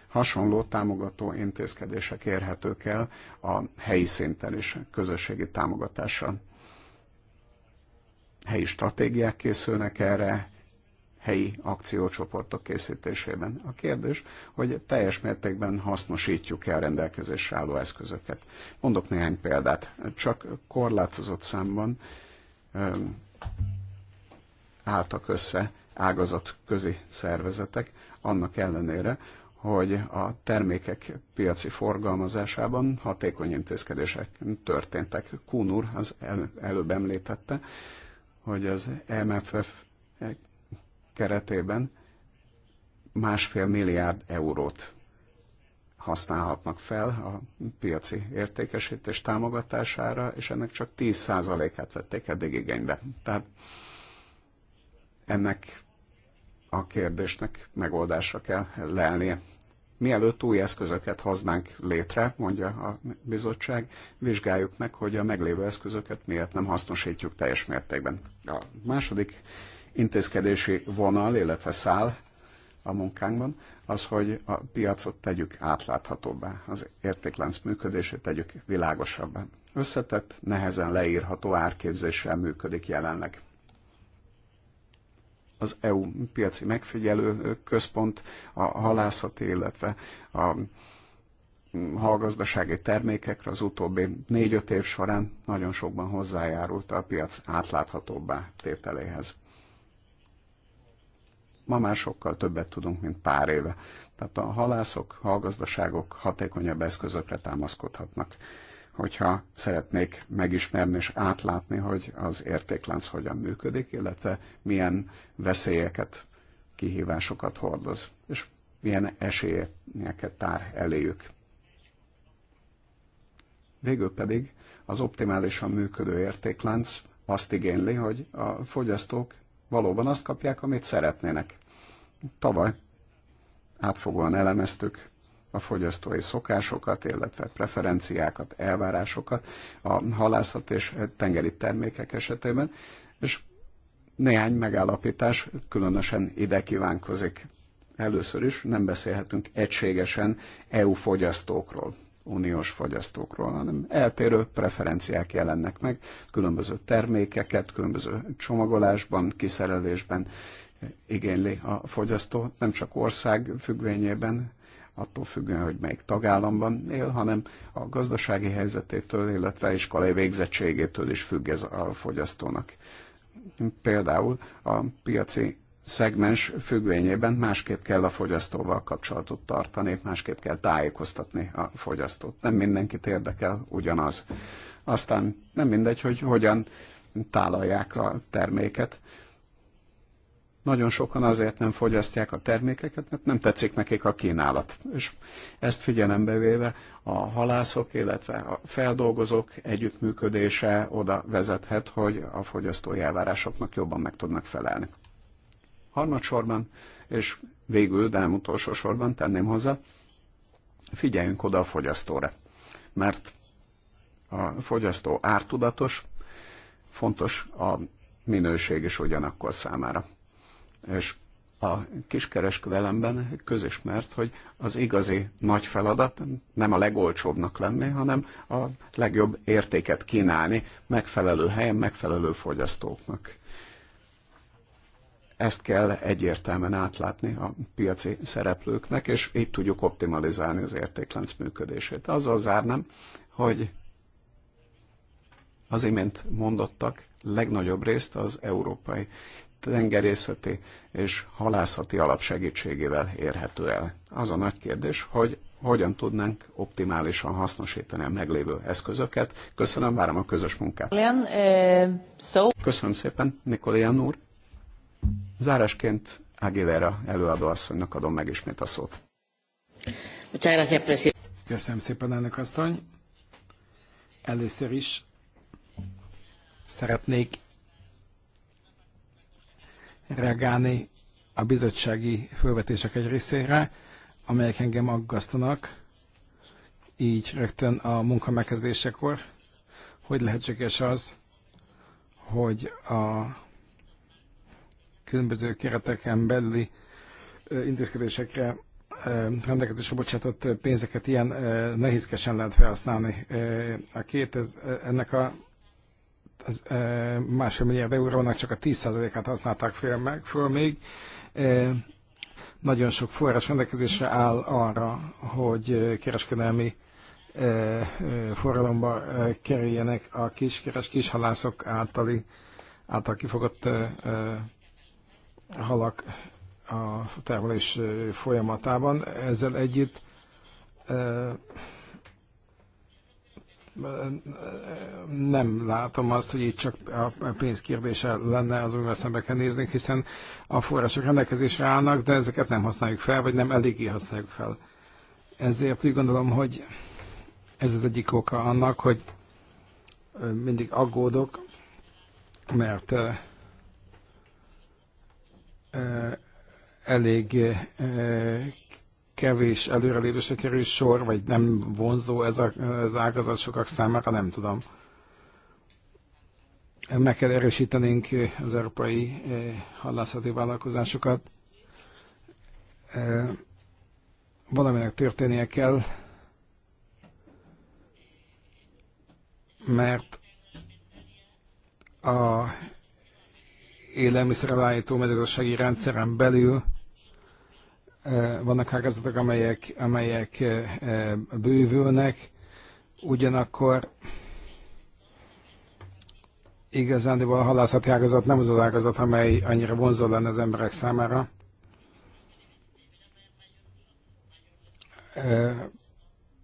Speaker 1: hasonló támogató intézkedések érhetők el a helyi szinten is közösségi támogatással. Helyi stratégiák készülnek erre, helyi akciócsoportok készítésében. A kérdés, hogy teljes mértékben hasznosítjuk-e a rendelkezésre álló eszközöket. Mondok néhány példát. Csak korlátozott számban öm, álltak össze ágazat szervezetek, annak ellenére, hogy a termékek piaci forgalmazásában hatékony intézkedések történtek. Kunur úr az el, előbb említette, hogy az MFF keretében másfél milliárd eurót használhatnak fel a piaci értékesítés támogatására, és ennek csak 10%-át vették eddig igénybe. Tehát ennek a kérdésnek megoldásra kell lelnie. Mielőtt új eszközöket hoznánk létre, mondja a bizottság, vizsgáljuk meg, hogy a meglévő eszközöket miért nem hasznosítjuk teljes mértékben. A második intézkedési vonal, illetve szál a munkánkban, az, hogy a piacot tegyük átláthatóbbá, az értéklánc működését tegyük világosabbá. Összetett, nehezen leírható árképzéssel működik jelenleg az EU piaci megfigyelő központ, a halászati, illetve a hallgazdasági termékekre az utóbbi négy-öt év során nagyon sokban hozzájárult a piac átláthatóbbá tételéhez. Ma már sokkal többet tudunk, mint pár éve. Tehát a halászok, hallgazdaságok hatékonyabb eszközökre támaszkodhatnak hogyha szeretnék megismerni és átlátni, hogy az értéklánc hogyan működik, illetve milyen veszélyeket, kihívásokat hordoz, és milyen esélyeket tár eléjük. Végül pedig az optimálisan működő értéklánc azt igényli, hogy a fogyasztók valóban azt kapják, amit szeretnének. Tavaly átfogóan elemeztük a fogyasztói szokásokat, illetve preferenciákat, elvárásokat a halászat és tengeri termékek esetében, és néhány megállapítás különösen ide kívánkozik. Először is nem beszélhetünk egységesen EU fogyasztókról, uniós fogyasztókról, hanem eltérő preferenciák jelennek meg, különböző termékeket, különböző csomagolásban, kiszerelésben igényli a fogyasztó, nem csak ország függvényében, attól függően, hogy melyik tagállamban él, hanem a gazdasági helyzetétől, illetve iskolai végzettségétől is függ ez a fogyasztónak. Például a piaci szegmens függvényében másképp kell a fogyasztóval kapcsolatot tartani, másképp kell tájékoztatni a fogyasztót. Nem mindenkit érdekel ugyanaz. Aztán nem mindegy, hogy hogyan tálalják a terméket nagyon sokan azért nem fogyasztják a termékeket, mert nem tetszik nekik a kínálat. És ezt figyelembe véve a halászok, illetve a feldolgozók együttműködése oda vezethet, hogy a fogyasztói elvárásoknak jobban meg tudnak felelni. Harmadsorban, és végül, de nem utolsó sorban tenném hozzá, figyeljünk oda a fogyasztóra. Mert a fogyasztó ártudatos, fontos a minőség is ugyanakkor számára. És a kiskereskedelemben közismert, hogy az igazi nagy feladat nem a legolcsóbbnak lenni, hanem a legjobb értéket kínálni megfelelő helyen, megfelelő fogyasztóknak. Ezt kell egyértelműen átlátni a piaci szereplőknek, és így tudjuk optimalizálni az értéklánc működését. Azzal zárnám, hogy az imént mondottak legnagyobb részt az európai tengerészeti és halászati alapsegítségével érhető el. Az a nagy kérdés, hogy hogyan tudnánk optimálisan hasznosítani a meglévő eszközöket. Köszönöm, várom a közös munkát.
Speaker 2: Eh,
Speaker 1: Köszönöm szépen, Nikolian úr. Zárásként Aguilera előadóasszonynak adom meg ismét a szót.
Speaker 2: Köszönöm szépen, elnök asszony. Először is szeretnék reagálni a bizottsági fölvetések egy részére, amelyek engem aggasztanak, így rögtön a munka megkezdésekor, hogy lehetséges az, hogy a különböző kereteken belüli intézkedésekre rendelkezésre bocsátott pénzeket ilyen nehézkesen lehet felhasználni. A két, ez, ennek a az, e, másfél milliárd eurónak csak a 10%-át használták föl, meg, föl még. E, nagyon sok forrás rendelkezésre áll arra, hogy kereskedelmi e, forradalomba kerüljenek a kiskeres kishalászok általi, által kifogott e, halak a termelés folyamatában. Ezzel együtt nem látom azt, hogy itt csak a pénz kérdése lenne az, amivel szembe kell nézni, hiszen a források rendelkezésre állnak, de ezeket nem használjuk fel, vagy nem eléggé használjuk fel. Ezért úgy gondolom, hogy ez az egyik oka annak, hogy mindig aggódok, mert elég kevés előrelépésre kerül sor, vagy nem vonzó ez a, az ágazat sokak számára, nem tudom. Meg kell erősítenünk az európai eh, hallászati vállalkozásokat. Eh, valaminek történnie kell, mert a élelmiszerelállító mezőgazdasági rendszeren belül Eh, vannak ágazatok, amelyek, amelyek eh, eh, bővülnek, ugyanakkor igazándiból a halászati ágazat nem az az ágazat, amely annyira vonzó lenne az emberek számára.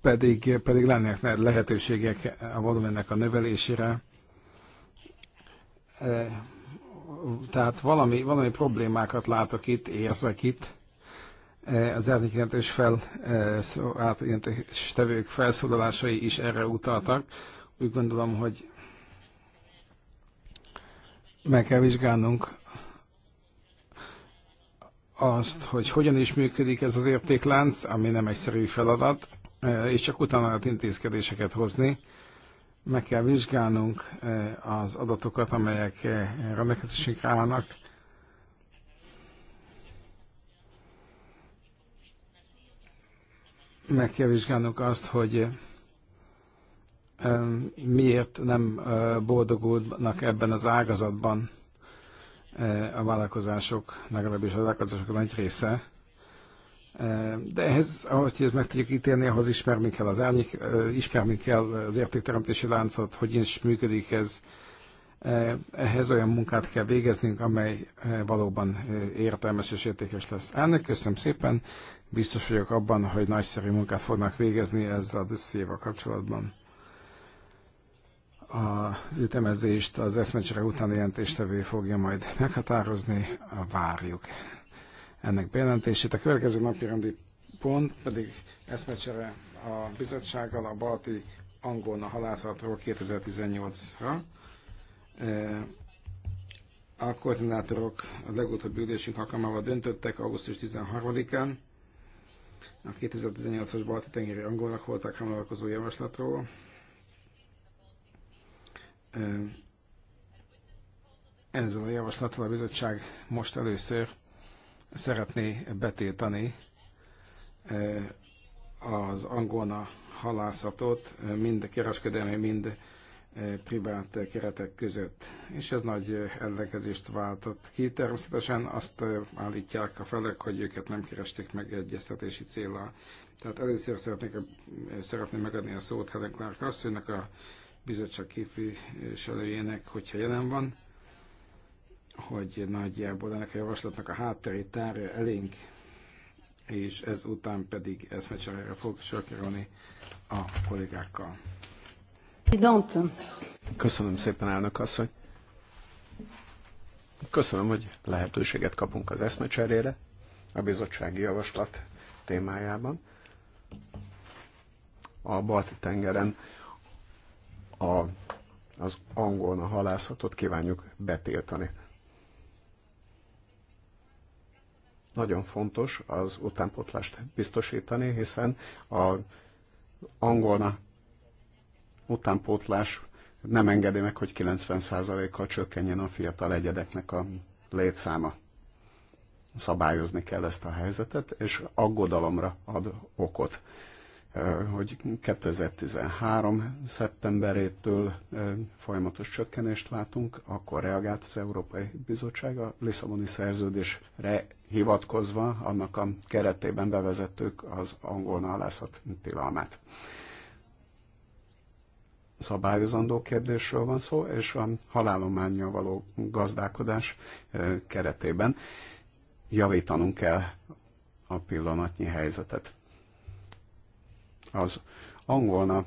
Speaker 2: Pedig, pedig lennek lehetőségek a volumennek a növelésére. Tehát valami, valami problémákat látok itt, érzek itt Eh, az átjelentés fel, eh, átjelentés tevők felszólalásai is erre utaltak. Úgy gondolom, hogy meg kell vizsgálnunk azt, hogy hogyan is működik ez az értéklánc, ami nem egyszerű feladat, eh, és csak utána lehet intézkedéseket hozni. Meg kell vizsgálnunk az adatokat, amelyek rendelkezésünkre állnak, meg kell vizsgálnunk azt, hogy miért nem boldogulnak ebben az ágazatban a vállalkozások, legalábbis a vállalkozások nagy része. De ehhez, ahogy ezt meg tudjuk ítélni, ahhoz ismerni kell az árnyék, ismerni kell az értékteremtési láncot, hogy is működik ez. Ehhez olyan munkát kell végeznünk, amely valóban értelmes és értékes lesz. Elnök, köszönöm szépen, Biztos vagyok abban, hogy nagyszerű munkát fognak végezni ezzel a dossziéval kapcsolatban. Az ütemezést az eszmecsere utáni jelentéstevő fogja majd meghatározni, várjuk ennek bejelentését. A következő napi rendi pont pedig eszmecsere a bizottsággal a balti angolna halászatról 2018-ra. E, a koordinátorok a legutóbbi ülésünk alkalmával döntöttek augusztus 13-án, a 2018-as balti tengeri angolnak voltak hamarakozó javaslatról. Ezzel a javaslattal a bizottság most először szeretné betiltani az angolna halászatot, mind kereskedelmi, mind E, privát keretek között. És ez nagy ellenkezést váltott ki. Természetesen azt e, állítják a felek, hogy őket nem keresték meg egyeztetési célra. Tehát először szeretnék, szeretném megadni a szót Helen Clark asszonynak, a bizottság képviselőjének, hogyha jelen van, hogy nagyjából ennek a javaslatnak a hátterét tárja elénk, és ezután pedig eszmecserére fog sor kerülni a kollégákkal.
Speaker 1: Köszönöm szépen, elnök asszony. Köszönöm, hogy lehetőséget kapunk az eszmecserére a bizottsági javaslat témájában. A Balti-tengeren a, az angolna halászatot kívánjuk betiltani. Nagyon fontos az utánpotlást biztosítani, hiszen a angolna utánpótlás nem engedi meg, hogy 90%-kal csökkenjen a fiatal egyedeknek a létszáma. Szabályozni kell ezt a helyzetet, és aggodalomra ad okot, hogy 2013. szeptemberétől folyamatos csökkenést látunk, akkor reagált az Európai Bizottság a Lisszaboni szerződésre hivatkozva, annak a keretében bevezettük az angol nálászat tilalmát szabályozandó kérdésről van szó, és a halálományjal való gazdálkodás keretében javítanunk kell a pillanatnyi helyzetet. Az angolna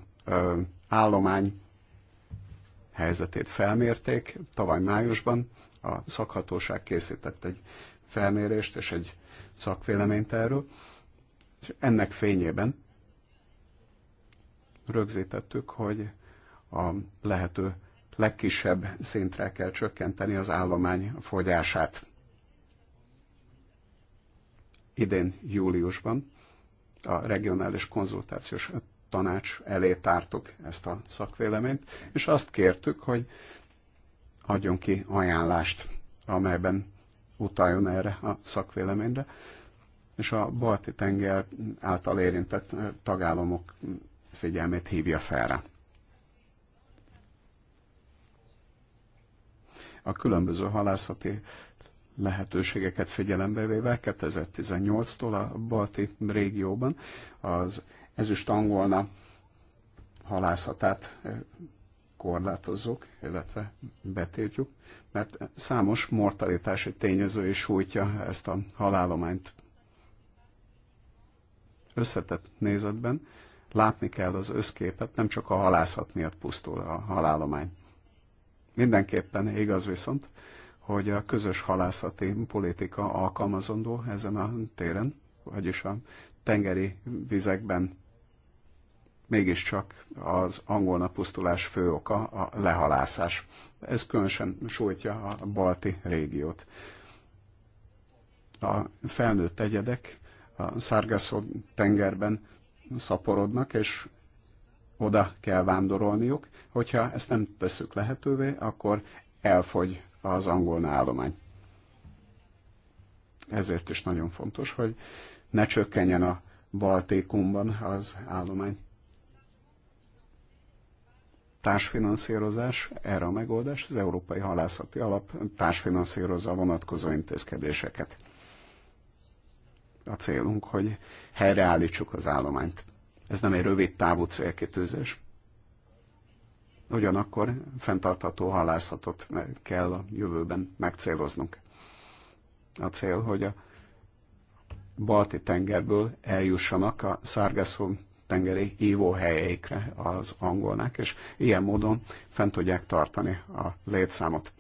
Speaker 1: állomány helyzetét felmérték tavaly májusban, a szakhatóság készített egy felmérést és egy szakvéleményt erről, és ennek fényében rögzítettük, hogy a lehető legkisebb szintre kell csökkenteni az állomány fogyását. Idén júliusban a regionális konzultációs tanács elé tártuk ezt a szakvéleményt, és azt kértük, hogy adjon ki ajánlást, amelyben utaljon erre a szakvéleményre, és a balti tenger által érintett tagállamok figyelmét hívja fel rá. a különböző halászati lehetőségeket figyelembe véve 2018-tól a balti régióban az ezüst angolna halászatát eh, korlátozzuk, illetve betiltjuk, mert számos mortalitási tényező is sújtja ezt a halálományt. Összetett nézetben látni kell az összképet, nem csak a halászat miatt pusztul a halálomány. Mindenképpen igaz viszont, hogy a közös halászati politika alkalmazandó ezen a téren, vagyis a tengeri vizekben mégiscsak az angol napusztulás fő oka a lehalászás. Ez különösen sújtja a balti régiót. A felnőtt egyedek a szárgászó tengerben szaporodnak, és oda kell vándorolniuk, Hogyha ezt nem tesszük lehetővé, akkor elfogy az angol állomány. Ezért is nagyon fontos, hogy ne csökkenjen a Baltikumban az állomány. Társfinanszírozás, erre a megoldás, az Európai Halászati Alap társfinanszírozza a vonatkozó intézkedéseket. A célunk, hogy helyreállítsuk az állományt. Ez nem egy rövid távú célkitűzés, ugyanakkor fenntartható halászatot kell a jövőben megcéloznunk. A cél, hogy a balti tengerből eljussanak a szárgászó tengeri ívóhelyeikre az angolnák és ilyen módon fent tudják tartani a létszámot.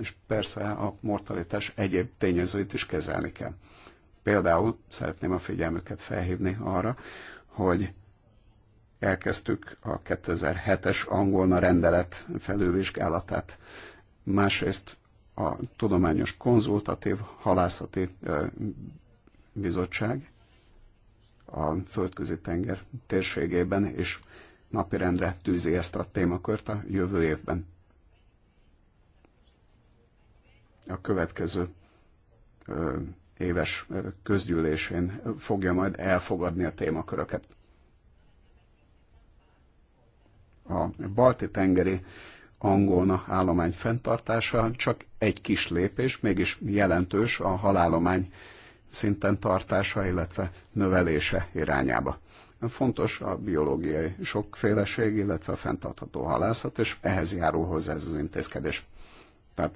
Speaker 1: És persze a mortalitás egyéb tényezőit is kezelni kell. Például szeretném a figyelmüket felhívni arra, hogy elkezdtük a 2007-es angolna rendelet felővizsgálatát. Másrészt a Tudományos Konzultatív Halászati Bizottság a földközi tenger térségében és napirendre tűzi ezt a témakört a jövő évben. A következő éves közgyűlésén fogja majd elfogadni a témaköröket. a balti tengeri angolna állomány fenntartása csak egy kis lépés, mégis jelentős a halállomány szinten tartása, illetve növelése irányába. Fontos a biológiai sokféleség, illetve a fenntartható halászat, és ehhez járul hozzá ez az intézkedés. Tehát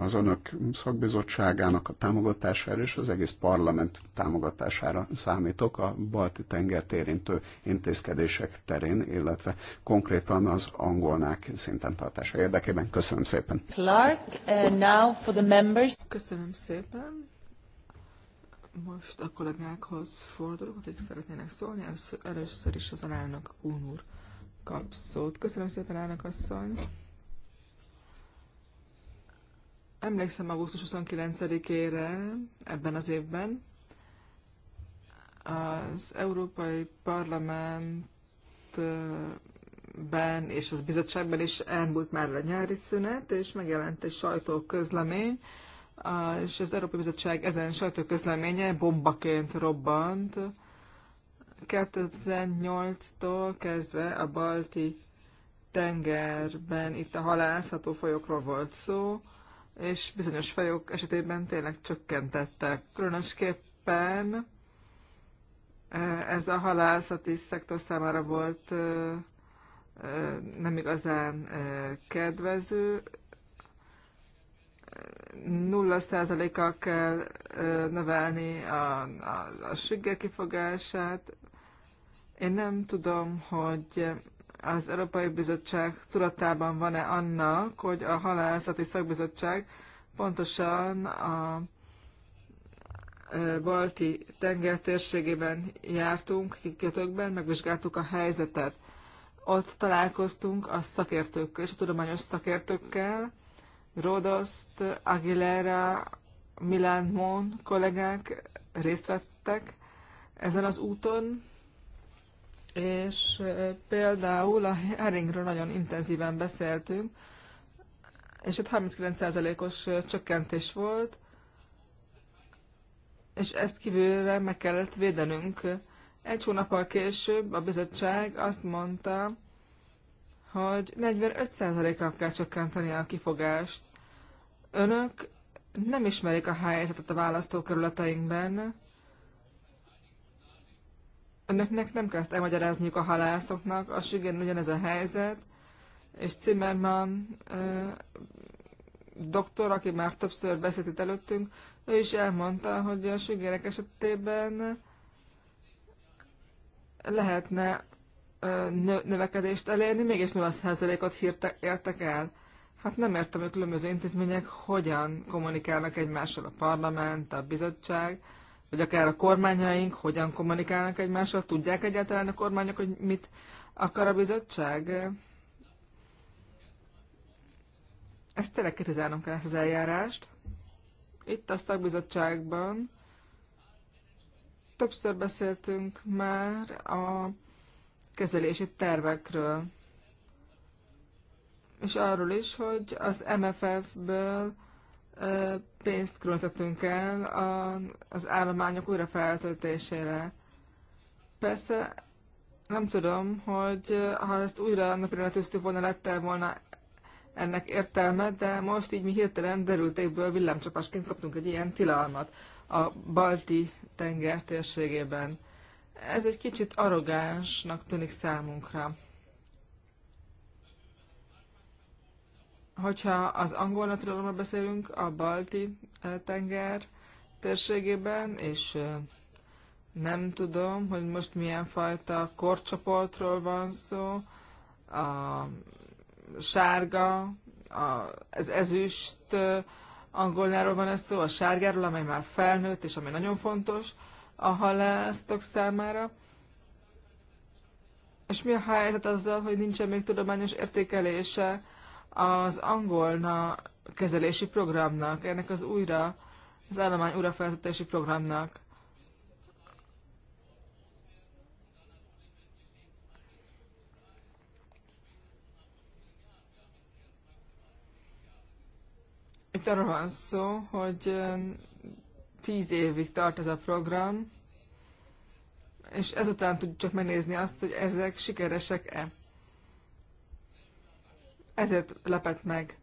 Speaker 1: az önök szakbizottságának a támogatására és az egész parlament támogatására számítok a balti tengert érintő intézkedések terén, illetve konkrétan az angolnák szinten tartása érdekében. Köszönöm szépen.
Speaker 3: Clark, uh, now for the members. Köszönöm szépen. Most a kollégákhoz fordulok, akik szeretnének szólni. Először is az alelnök úr kap szót. Köszönöm szépen, elnök asszony. Emlékszem augusztus 29-ére ebben az évben az Európai Parlamentben és az bizottságban is elmúlt már a nyári szünet, és megjelent egy sajtóközlemény, és az Európai Bizottság ezen sajtóközleménye bombaként robbant. 2008-tól kezdve a balti tengerben itt a halászható folyokról volt szó, és bizonyos fajok esetében tényleg csökkentettek. Különösképpen eh, ez a halászati szektor számára volt eh, eh, nem igazán kedvező. 0 kell növelni a, a, a sügge kifogását. Én nem tudom, hogy az Európai Bizottság tudatában van-e annak, hogy a halászati szakbizottság pontosan a balti tenger térségében jártunk, kikötőkben, megvizsgáltuk a helyzetet. Ott találkoztunk a szakértőkkel és a tudományos szakértőkkel, Rodoszt, Aguilera, Milán Mon kollégák részt vettek ezen az úton, és például a heringről nagyon intenzíven beszéltünk, és ott 39%-os csökkentés volt, és ezt kívülre meg kellett védenünk. Egy hónappal később a bizottság azt mondta, hogy 45%-kal kell csökkenteni a kifogást. Önök nem ismerik a helyzetet a választókerületeinkben, Önöknek nem kell ezt elmagyarázniuk a halászoknak, a sügén ugyanez a helyzet, és Zimmermann eh, doktor, aki már többször beszélt itt előttünk, ő is elmondta, hogy a sügérek esetében lehetne növekedést elérni, mégis 0%-ot értek el. Hát nem értem, hogy különböző intézmények hogyan kommunikálnak egymással a parlament, a bizottság, vagy akár a kormányaink hogyan kommunikálnak egymással? Tudják egyáltalán a kormányok, hogy mit akar a bizottság? Ezt tényleg kritizálnom kell, ezt az eljárást. Itt a szakbizottságban többször beszéltünk már a kezelési tervekről, és arról is, hogy az MFF-ből pénzt különítettünk el az állományok újrafeltöltésére. Persze nem tudom, hogy ha ezt újra napirányra tűztük volna, lett volna ennek értelme, de most így mi hirtelen derültékből villámcsapásként kaptunk egy ilyen tilalmat a balti tenger térségében. Ez egy kicsit arrogánsnak tűnik számunkra. Hogyha az angol naturalomra beszélünk, a balti eh, tenger térségében, és eh, nem tudom, hogy most milyen fajta korcsoportról van szó, a sárga, a, ez ezüst eh, angolnáról van ez szó, a sárgáról, amely már felnőtt, és ami nagyon fontos a halásztok számára. És mi a helyzet azzal, hogy nincsen még tudományos értékelése az angolna kezelési programnak, ennek az újra, az állomány újrafeltöltési programnak. Itt arra van szó, hogy tíz évig tart ez a program, és ezután tudjuk csak megnézni azt, hogy ezek sikeresek-e ezért lepett meg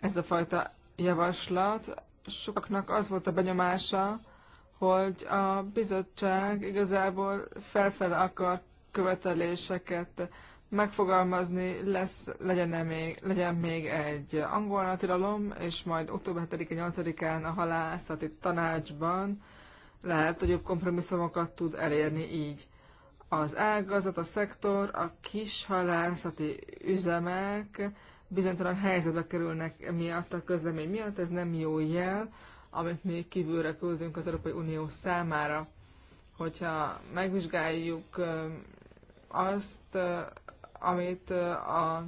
Speaker 3: ez a fajta javaslat. Sokaknak az volt a benyomása, hogy a bizottság igazából felfele akar követeléseket megfogalmazni, lesz, legyen, -e még, legyen még egy angol natilalom, és majd október 7-8-án a halászati tanácsban lehet, hogy jobb kompromisszumokat tud elérni így az ágazat, a szektor, a kis halászati üzemek bizonytalan helyzetbe kerülnek miatt a közlemény miatt, ez nem jó jel, amit mi kívülre küldünk az Európai Unió számára. Hogyha megvizsgáljuk azt, amit a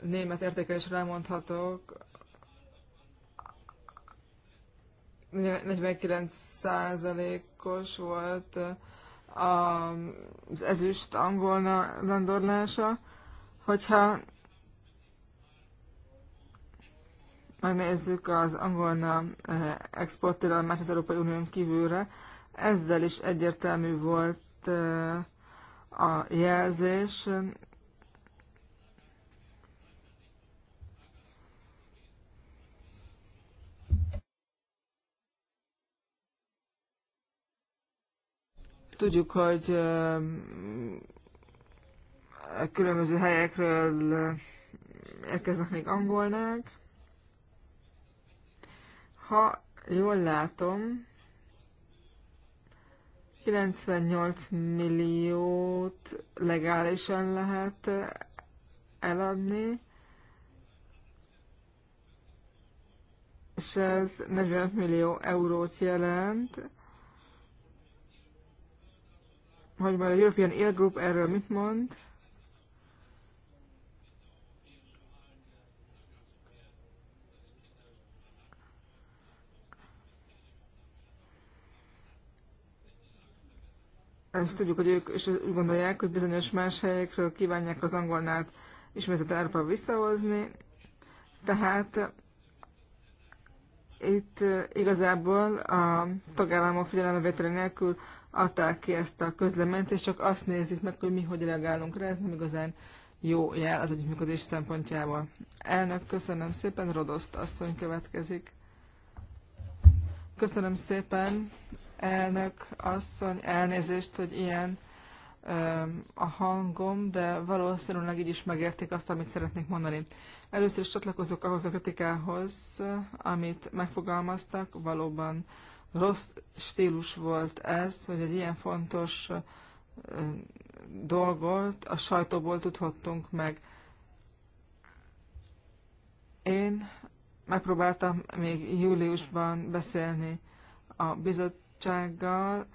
Speaker 3: német értékelésre mondhatok, 49%-os volt az ezüst angol landorlása, hogyha megnézzük az angolna eh, exporttilalmát az Európai Unión kívülre, ezzel is egyértelmű volt eh, a jelzés, Tudjuk, hogy eh, a különböző helyekről eh, érkeznek még angolnák. Ha jól látom, 98 milliót legálisan lehet eh, eladni, és ez 45 millió eurót jelent hogy már a European Air Group erről mit mond. Ezt tudjuk, hogy ők is úgy gondolják, hogy bizonyos más helyekről kívánják az angolnát ismételt Európa visszahozni. Tehát itt eh, igazából a tagállamok figyelembevételi nélkül adták ki ezt a közleményt, és csak azt nézik meg, hogy mi hogy reagálunk rá, ez nem igazán jó jel az együttműködés szempontjából. Elnök, köszönöm szépen, Rodoszt asszony következik. Köszönöm szépen, elnök asszony, elnézést, hogy ilyen a hangom, de valószínűleg így is megértik azt, amit szeretnék mondani. Először is csatlakozok ahhoz a kritikához, amit megfogalmaztak, valóban rossz stílus volt ez, hogy egy ilyen fontos dolgot a sajtóból tudhattunk meg. Én megpróbáltam még júliusban beszélni a bizottsággal,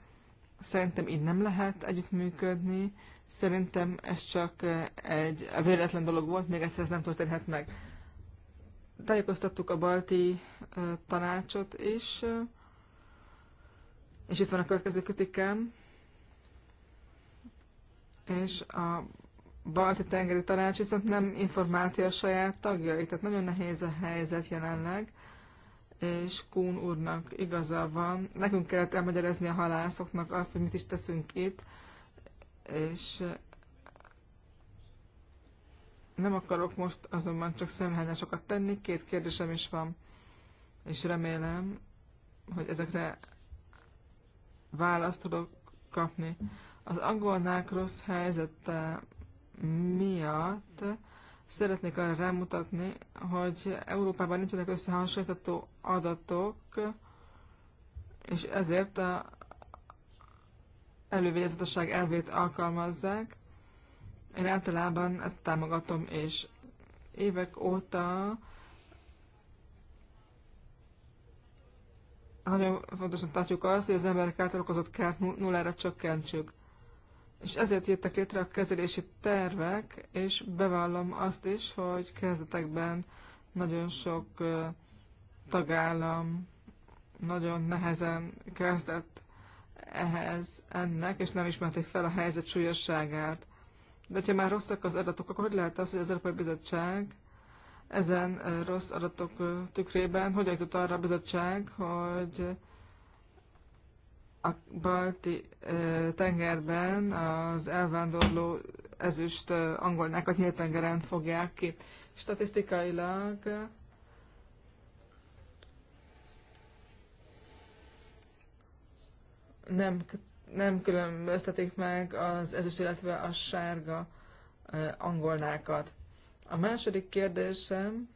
Speaker 3: szerintem így nem lehet együttműködni, szerintem ez csak egy véletlen dolog volt, még egyszer ez nem történhet meg. Tájékoztattuk a balti tanácsot is, és itt van a következő kritikám. És a balti tengeri tanács viszont nem informálta a saját tagjait, tehát nagyon nehéz a helyzet jelenleg, és Kún úrnak igaza van. Nekünk kellett elmagyarázni a halászoknak azt, hogy mit is teszünk itt, és nem akarok most azonban csak szemhányásokat tenni, két kérdésem is van, és remélem, hogy ezekre választ tudok kapni. Az angolnák rossz helyzete miatt szeretnék arra rámutatni, hogy Európában nincsenek összehasonlítható adatok, és ezért a elővigyázatosság elvét alkalmazzák. Én általában ezt támogatom, és évek óta nagyon fontosan tartjuk azt, hogy az emberek által okozott kárt nullára csökkentsük. És ezért jöttek létre a kezelési tervek, és bevallom azt is, hogy kezdetekben nagyon sok tagállam nagyon nehezen kezdett ehhez ennek, és nem ismerték fel a helyzet súlyosságát. De ha már rosszak az adatok, akkor hogy lehet az, hogy az Európai Bizottság ezen rossz adatok tükrében hogy jutott arra a bizottság, hogy a balti tengerben az elvándorló ezüst angolnák a nyílt tengeren fogják ki. Statisztikailag nem, nem különböztetik meg az ezüst, illetve a sárga angolnákat. A második kérdésem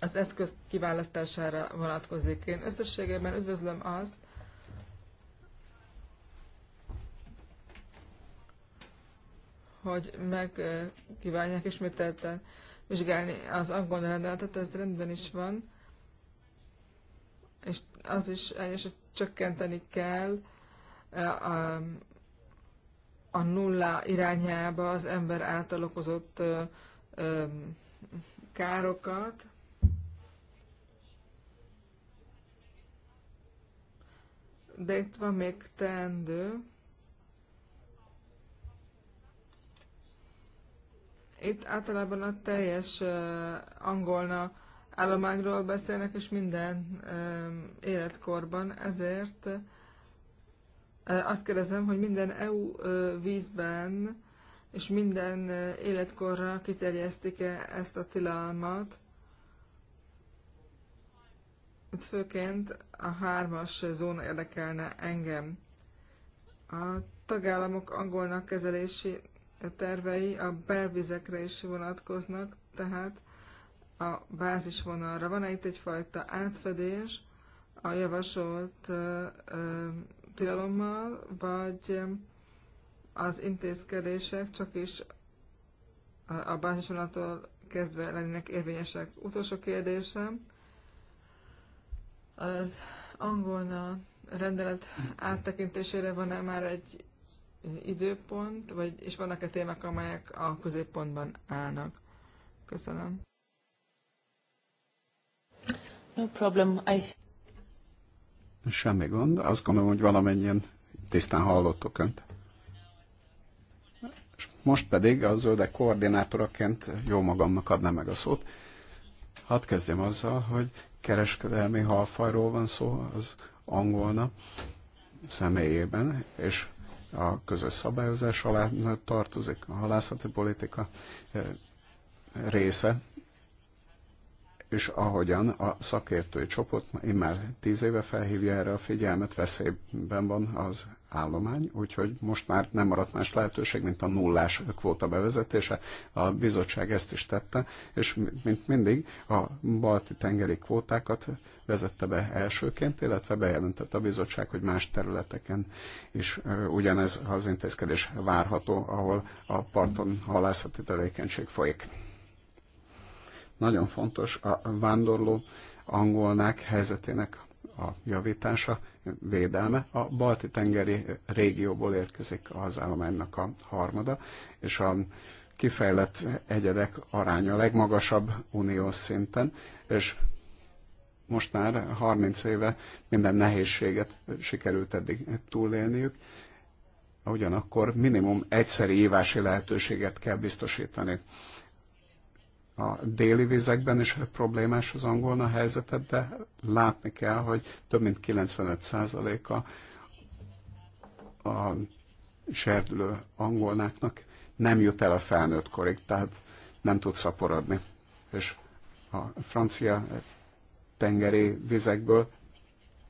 Speaker 3: az eszköz kiválasztására vonatkozik. Én összességében üdvözlöm azt, hogy kívánják ismételten vizsgálni az angol rendeletet, ez rendben is van, és az is egyes, hogy csökkenteni kell a nulla irányába az ember által okozott ö, ö, károkat. De itt van még teendő. Itt általában a teljes uh, angolna állományról beszélnek, és minden uh, életkorban, ezért uh, azt kérdezem, hogy minden EU vízben és minden életkorra kiterjesztik-e ezt a tilalmat? Itt főként a hármas zóna érdekelne engem. A tagállamok angolnak kezelési tervei a belvizekre is vonatkoznak, tehát a bázisvonalra. Van-e itt egyfajta átfedés a javasolt tilalommal, vagy az intézkedések csak is a bázisvonattól kezdve lennének érvényesek. Utolsó kérdésem, az angolna rendelet áttekintésére van-e már egy időpont, vagy, és vannak-e témák, amelyek a középpontban állnak? Köszönöm. No problem. I...
Speaker 1: Semmi gond. Azt gondolom, hogy valamennyien tisztán hallottuk Önt. És most pedig a zöldek koordinátoraként jó magamnak adnám meg a szót. Hadd kezdjem azzal, hogy kereskedelmi halfajról van szó az angolna személyében, és a közös szabályozás alá tartozik a halászati politika eh, része, és ahogyan a szakértői csoport már tíz éve felhívja erre a figyelmet, veszélyben van az állomány, úgyhogy most már nem maradt más lehetőség, mint a nullás kvóta bevezetése. A bizottság ezt is tette, és mint mindig a balti tengeri kvótákat vezette be elsőként, illetve bejelentette a bizottság, hogy más területeken is ugyanez az intézkedés várható, ahol a parton halászati tevékenység folyik. Nagyon fontos a vándorló angolnák helyzetének a javítása, védelme. A Balti-tengeri régióból érkezik az állománynak a harmada, és a kifejlett egyedek aránya a legmagasabb uniós szinten, és most már 30 éve minden nehézséget sikerült eddig túlélniük, ugyanakkor minimum egyszeri ívási lehetőséget kell biztosítani a déli vizekben is problémás az angolna helyzetet, de látni kell, hogy több mint 95%-a a serdülő angolnáknak nem jut el a felnőtt korig, tehát nem tud szaporodni. És a francia tengeri vizekből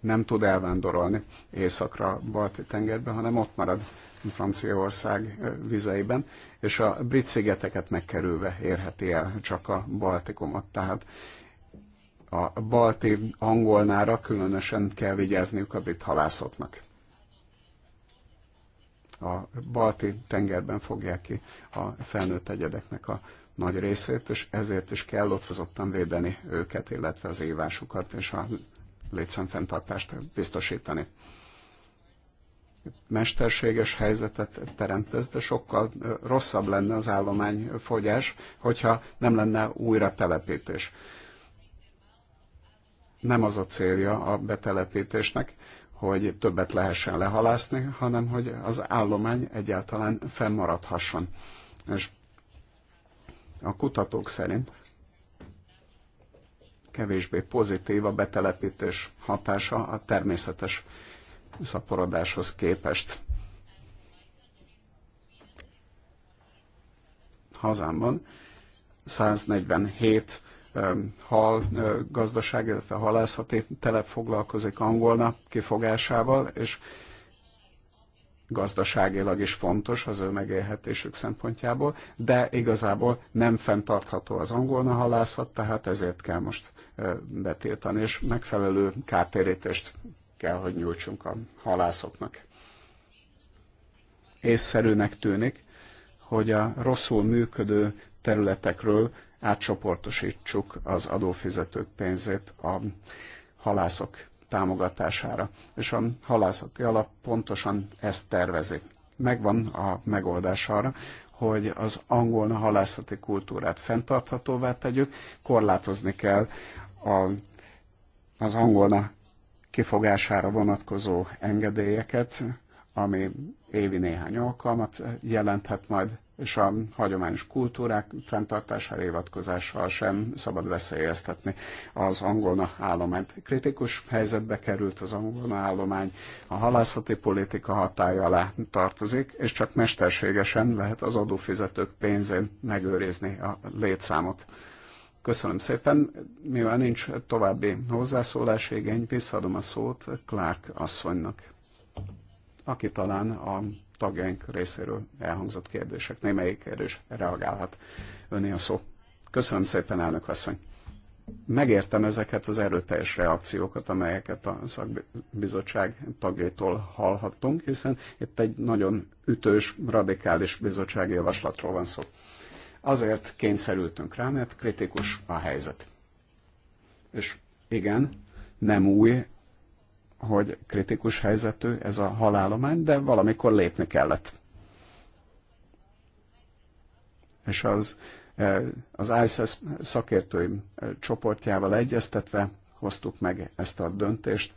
Speaker 1: nem tud elvándorolni északra, balti tengerbe, hanem ott marad Franciaország vizeiben, és a brit szigeteket megkerülve érheti el csak a Baltikumot. Tehát a balti angolnára különösen kell vigyázniuk a brit halászoknak. A balti tengerben fogják ki a felnőtt egyedeknek a nagy részét, és ezért is kell ottrozottan védeni őket, illetve az évásukat és a létszámfenntartást biztosítani mesterséges helyzetet teremt de sokkal rosszabb lenne az állományfogyás, hogyha nem lenne újra telepítés. Nem az a célja a betelepítésnek, hogy többet lehessen lehalászni, hanem hogy az állomány egyáltalán fennmaradhasson. És a kutatók szerint kevésbé pozitív a betelepítés hatása a természetes szaporodáshoz képest. Hazámban 147 hal gazdaság, illetve halászati telep foglalkozik angolna kifogásával, és gazdaságilag is fontos az ő megélhetésük szempontjából, de igazából nem fenntartható az angolna halászat, tehát ezért kell most betiltani, és megfelelő kártérítést kell, hogy nyújtsunk a halászoknak. Észszerűnek tűnik, hogy a rosszul működő területekről átcsoportosítsuk az adófizetők pénzét a halászok támogatására. És a halászati alap pontosan ezt tervezi. Megvan a megoldás arra, hogy az angol halászati kultúrát fenntarthatóvá tegyük, korlátozni kell a, az angolna kifogására vonatkozó engedélyeket, ami évi néhány alkalmat jelenthet majd, és a hagyományos kultúrák fenntartására évatkozással sem szabad veszélyeztetni az angolna állományt. Kritikus helyzetbe került az angolna állomány, a halászati politika hatája alá tartozik, és csak mesterségesen lehet az adófizetők pénzén megőrizni a létszámot. Köszönöm szépen. Mivel nincs további hozzászólás igény, visszaadom a szót Clark asszonynak, aki talán a tagjaink részéről elhangzott kérdések, némelyik kérdés reagálhat önni a szó. Köszönöm szépen, elnök asszony. Megértem ezeket az erőteljes reakciókat, amelyeket a szakbizottság tagjaitól hallhattunk, hiszen itt egy nagyon ütős, radikális bizottsági javaslatról van szó. Azért kényszerültünk rá, mert kritikus a helyzet. És igen, nem új, hogy kritikus helyzetű ez a halálomány, de valamikor lépni kellett. És az, e, az ISIS szakértői e, csoportjával egyeztetve hoztuk meg ezt a döntést,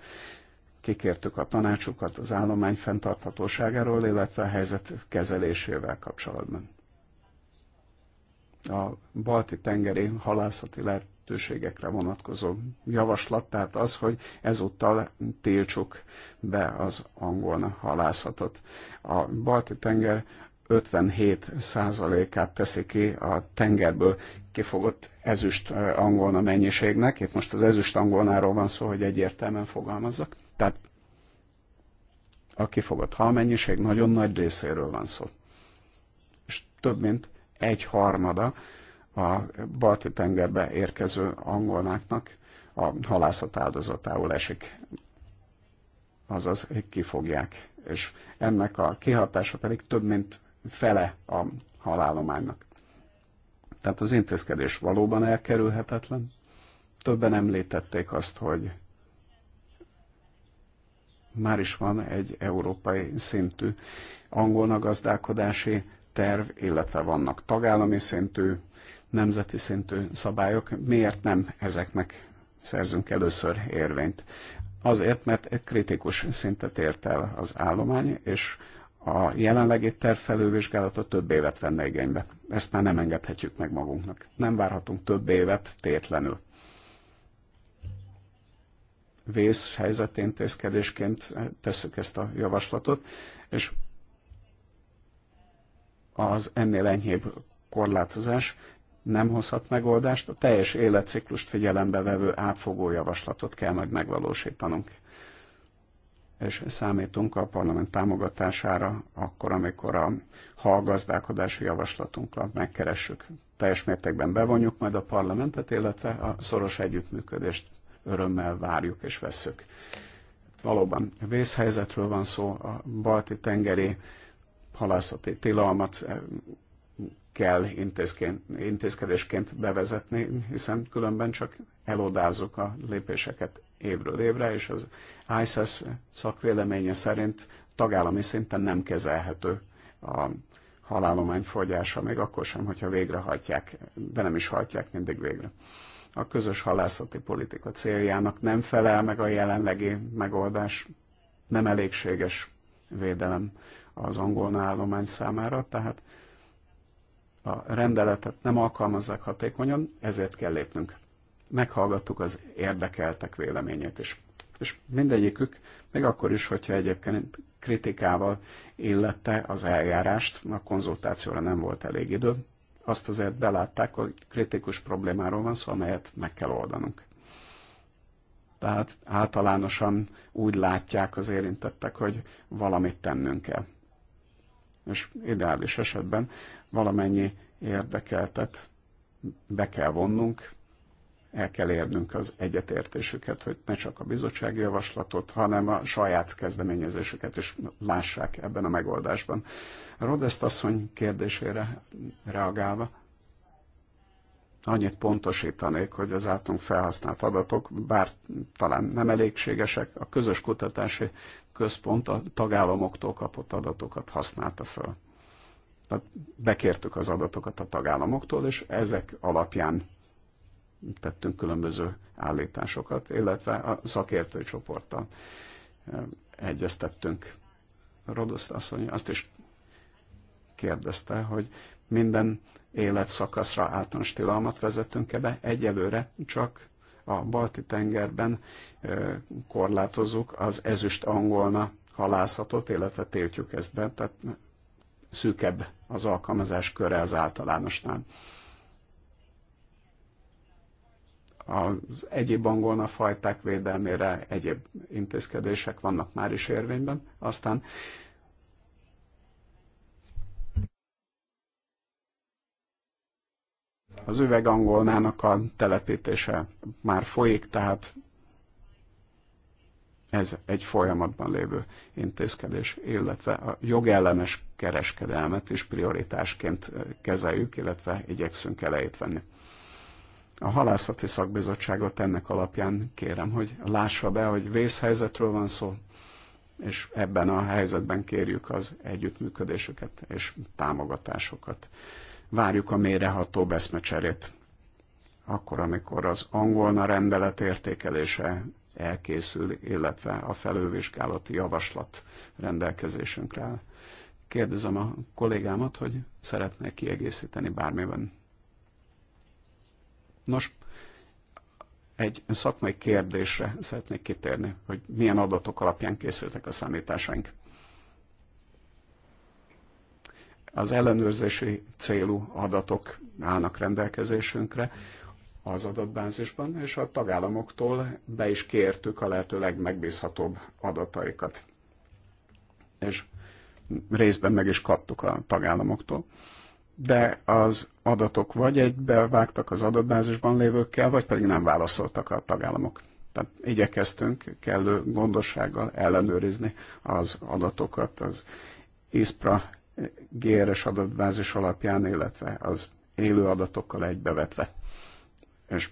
Speaker 1: kikértük a tanácsukat az állomány fenntarthatóságáról, illetve a helyzet kezelésével kapcsolatban a balti tengeri halászati lehetőségekre vonatkozó javaslat, tehát az, hogy ezúttal tiltsuk be az angol halászatot. A balti tenger 57%-át teszi ki a tengerből kifogott ezüst angolna mennyiségnek. Itt most az ezüst angolnáról van szó, hogy egyértelműen fogalmazzak. Tehát a kifogott mennyiség nagyon nagy részéről van szó. És több mint egy harmada a balti tengerbe érkező angolnáknak a halászat áldozatául esik. Azaz kifogják. És ennek a kihatása pedig több mint fele a halálománynak. Tehát az intézkedés valóban elkerülhetetlen. Többen említették azt, hogy már is van egy európai szintű angolna gazdálkodási terv, illetve vannak tagállami szintű, nemzeti szintű szabályok, miért nem ezeknek szerzünk először érvényt? Azért, mert egy kritikus szintet ért el az állomány, és a jelenlegi terv felülvizsgálata több évet venne igénybe. Ezt már nem engedhetjük meg magunknak. Nem várhatunk több évet tétlenül. Vész helyzetintézkedésként tesszük ezt a javaslatot, és az ennél enyhébb korlátozás nem hozhat megoldást, a teljes életciklust figyelembe vevő átfogó javaslatot kell majd megvalósítanunk. És számítunk a parlament támogatására akkor, amikor a gazdálkodási javaslatunkat megkeressük. Teljes mértékben bevonjuk majd a parlamentet, illetve a szoros együttműködést örömmel várjuk és veszük. Valóban vészhelyzetről van szó, a balti tengeri halászati tilalmat eh, kell intézkedésként bevezetni, hiszen különben csak elodázunk a lépéseket évről évre, és az ISIS szakvéleménye szerint tagállami szinten nem kezelhető a halálomány fogyása, még akkor sem, hogyha végrehajtják, de nem is hajtják mindig végre. A közös halászati politika céljának nem felel meg a jelenlegi megoldás, nem elégséges védelem az angol állomány számára, tehát a rendeletet nem alkalmazzák hatékonyan, ezért kell lépnünk. Meghallgattuk az érdekeltek véleményét is. És mindegyikük, még akkor is, hogyha egyébként kritikával illette az eljárást, a konzultációra nem volt elég idő, azt azért belátták, hogy kritikus problémáról van szó, amelyet meg kell oldanunk. Tehát általánosan úgy látják az érintettek, hogy valamit tennünk kell és ideális esetben valamennyi érdekeltet be kell vonnunk, el kell érnünk az egyetértésüket, hogy ne csak a bizottsági javaslatot, hanem a saját kezdeményezésüket is lássák ebben a megoldásban. Rodeszt asszony kérdésére reagálva, annyit pontosítanék, hogy az általunk felhasznált adatok, bár talán nem elégségesek, a közös kutatási központ a tagállamoktól kapott adatokat használta föl. Tehát bekértük az adatokat a tagállamoktól, és ezek alapján tettünk különböző állításokat, illetve a szakértői csoporttal egyeztettünk. Rodoszt asszony azt is kérdezte, hogy minden életszakaszra általános tilalmat vezetünk ebbe, egyelőre csak a balti tengerben korlátozzuk az ezüst angolna halászatot, illetve tiltjuk ezt be, tehát szűkebb az alkalmazás köre az általánosnál. Az egyéb angolna fajták védelmére egyéb intézkedések vannak már is érvényben, aztán Az üvegangolnának a telepítése már folyik, tehát ez egy folyamatban lévő intézkedés, illetve a jogellenes kereskedelmet is prioritásként eh, kezeljük, illetve igyekszünk elejét venni. A halászati szakbizottságot ennek alapján kérem, hogy lássa be, hogy vészhelyzetről van szó, és ebben a helyzetben kérjük az együttműködésüket és támogatásokat várjuk a mélyreható beszmecserét. Akkor, amikor az angolna rendelet értékelése elkészül, illetve a felővizsgálati javaslat rendelkezésünkre Kérdezem a kollégámat, hogy szeretnék kiegészíteni bármiben. Nos, egy szakmai kérdésre szeretnék kitérni, hogy milyen adatok alapján készültek a számításaink. Az ellenőrzési célú adatok állnak rendelkezésünkre az adatbázisban, és a tagállamoktól be is kértük a lehető legmegbízhatóbb adataikat. És részben meg is kaptuk a tagállamoktól. De az adatok vagy egybe vágtak az adatbázisban lévőkkel, vagy pedig nem válaszoltak a tagállamok. Tehát igyekeztünk kellő gondossággal ellenőrizni az adatokat az ISPRA GRS adatbázis alapján, illetve az élő adatokkal egybevetve. És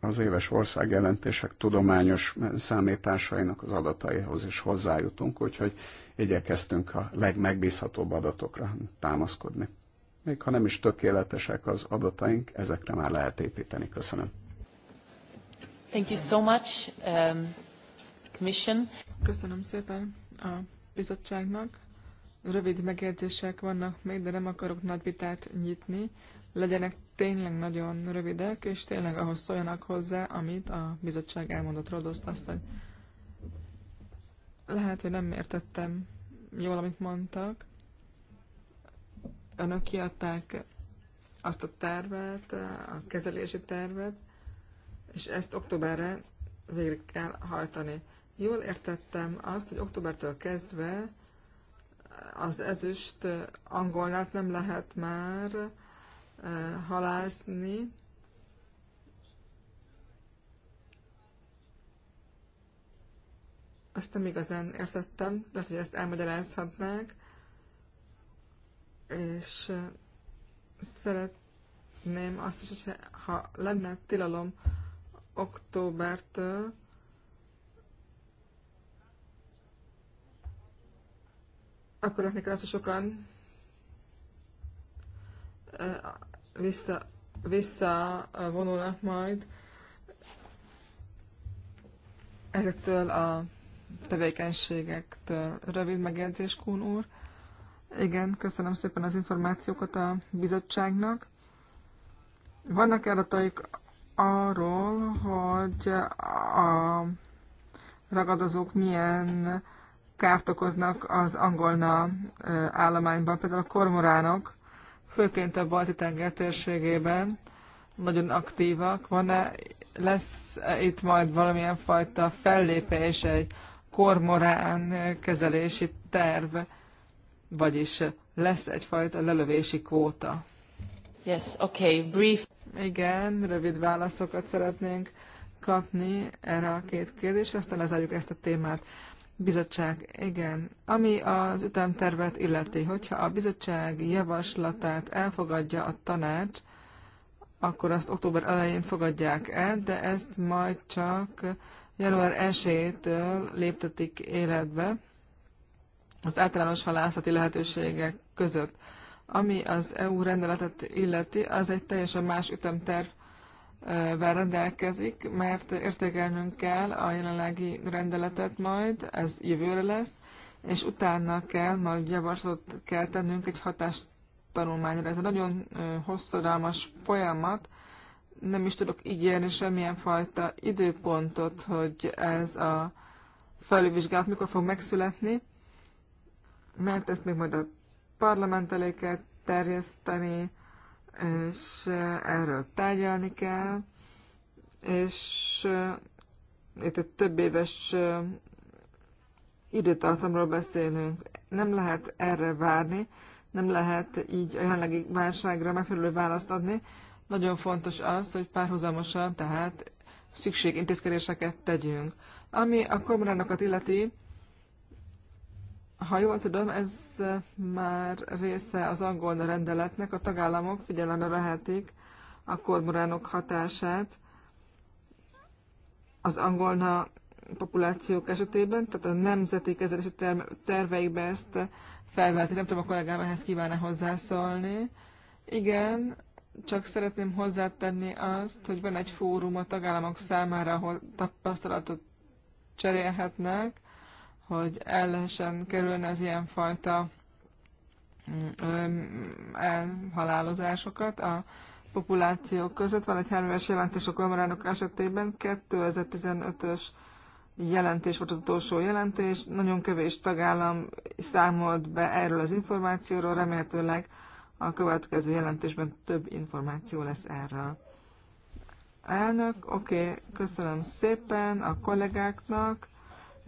Speaker 1: az éves országjelentések tudományos számításainak az adataihoz is hozzájutunk, úgyhogy igyekeztünk a legmegbízhatóbb adatokra támaszkodni. Még ha nem is tökéletesek az adataink, ezekre már lehet építeni. Köszönöm. Thank
Speaker 3: you so much, um, Commission. Köszönöm szépen a bizottságnak. Rövid megjegyzések vannak még, de nem akarok nagy vitát nyitni. Legyenek tényleg nagyon rövidek, és tényleg ahhoz szóljanak hozzá, amit a bizottság elmondott Rodoszt hogy Lehet, hogy nem értettem jól, amit mondtak. Önök kiadták azt a tervet, a kezelési tervet, és ezt októberre végre kell hajtani jól értettem azt, hogy októbertől kezdve az ezüst angolnát nem lehet már e, halászni. Azt nem igazán értettem, de hogy ezt elmagyarázhatnák. És e, szeretném azt is, hogyha ha lenne tilalom októbertől, akkor látni kell azt, hogy sokan vissza, vonulnak majd ezektől a tevékenységektől. Rövid megjegyzés, Kún úr. Igen, köszönöm szépen az információkat a bizottságnak. Vannak adataik arról, hogy a ragadozók milyen kárt okoznak az angolna állományban, például a kormoránok, főként a balti tenger térségében nagyon aktívak. Van-e, lesz -e itt majd valamilyen fajta fellépés, egy kormorán kezelési terv, vagyis lesz egyfajta lelövési kvóta? Yes, okay, brief. Igen, rövid válaszokat szeretnénk kapni erre a két kérdésre, aztán lezárjuk ezt a témát. Bizottság, igen. Ami az ütemtervet illeti, hogyha a bizottság javaslatát elfogadja a tanács, akkor azt október elején fogadják el, de ezt majd csak január 1-től léptetik életbe az általános halászati lehetőségek között. Ami az EU rendeletet illeti, az egy teljesen más ütemterv, vel rendelkezik, mert értékelnünk kell a jelenlegi rendeletet majd, ez jövőre lesz, és utána kell, majd javaslatot kell tennünk egy hatástanulmányra. Ez egy nagyon hosszadalmas folyamat, nem is tudok ígérni semmilyen fajta időpontot, hogy ez a felülvizsgálat mikor fog megszületni, mert ezt még majd a parlament elé kell terjeszteni, és erről tárgyalni kell, és itt egy több éves időtartamról beszélünk. Nem lehet erre várni, nem lehet így a jelenlegi válságra megfelelő választ adni. Nagyon fontos az, hogy párhuzamosan tehát szükség intézkedéseket tegyünk. Ami a kormányokat illeti, ha jól tudom, ez már része az angol rendeletnek, a tagállamok figyelembe vehetik a kormoránok hatását az angolna populációk esetében, tehát a nemzeti kezelési terveikbe ezt felválti. Nem tudom, a kollégám ehhez kívánna hozzászólni. Igen, csak szeretném hozzátenni azt, hogy van egy fórum a tagállamok számára, ahol tapasztalatot cserélhetnek, hogy el lehessen kerülni az ilyenfajta mm, elhalálozásokat a populációk között. Van egy hárméves jelentés a kormányok esetében, 2015-ös jelentés volt az utolsó jelentés, nagyon kevés tagállam számolt be erről az információról, remélhetőleg a következő jelentésben több információ lesz erről. Elnök, oké, okay, köszönöm szépen a kollégáknak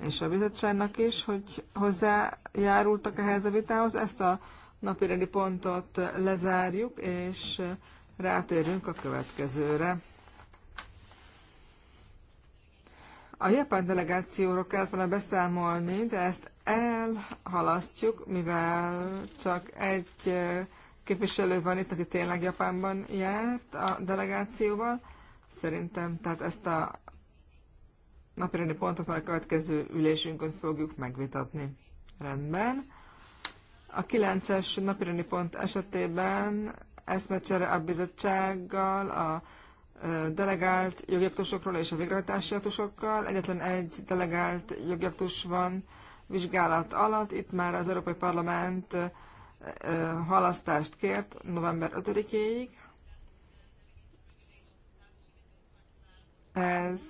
Speaker 3: és a bizottságnak is, hogy hozzájárultak ehhez a vitához. Ezt a napirendi pontot lezárjuk, és rátérünk a következőre. A japán delegációról kell volna beszámolni, de ezt elhalasztjuk, mivel csak egy képviselő van itt, aki tényleg Japánban járt a delegációval. Szerintem tehát ezt a napirendi pontot már a következő ülésünkön fogjuk megvitatni. Rendben. A 9-es napirendi pont esetében eszmecsere a bizottsággal, a delegált jogjaktusokról és a végrehajtási aktusokkal. Egyetlen egy delegált jogjaktus van vizsgálat alatt. Itt már az Európai Parlament halasztást kért november 5-éig. Ez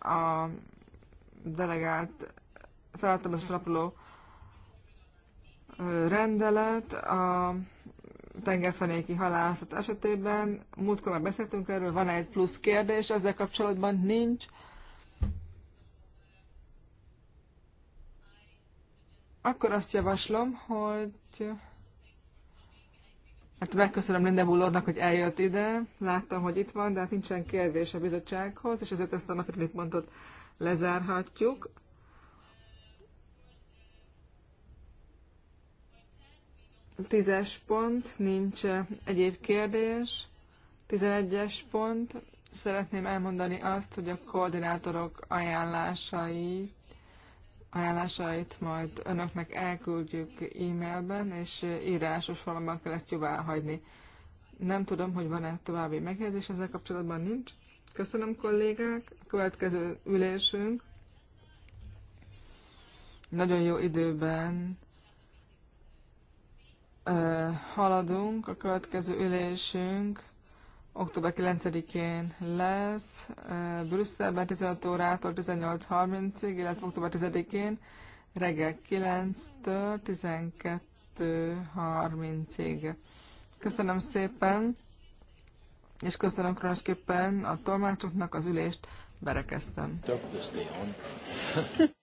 Speaker 3: a delegált az alapuló rendelet a tengerfenéki halászat esetében. Múltkor már beszéltünk erről, van -e egy plusz kérdés, ezzel kapcsolatban nincs. Akkor azt javaslom, hogy Hát megköszönöm Linda Bullornak, hogy eljött ide. Láttam, hogy itt van, de hát nincsen kérdés a bizottsághoz, és ezért ezt a napi pontot lezárhatjuk. Tízes pont, nincs egyéb kérdés. Tizenegyes pont, szeretném elmondani azt, hogy a koordinátorok ajánlásait ajánlásait majd önöknek elküldjük e-mailben, és írásos formában kell ezt jóvá hagyni. Nem tudom, hogy van-e további megjegyzés ezzel kapcsolatban, nincs. Köszönöm kollégák, a következő ülésünk nagyon jó időben haladunk, a következő ülésünk október 9-én lesz Brüsszelben 15 órától 18.30-ig, illetve október 10-én reggel 9-től 12.30-ig. Köszönöm szépen, és köszönöm különösképpen a tolmácsoknak az ülést, berekeztem.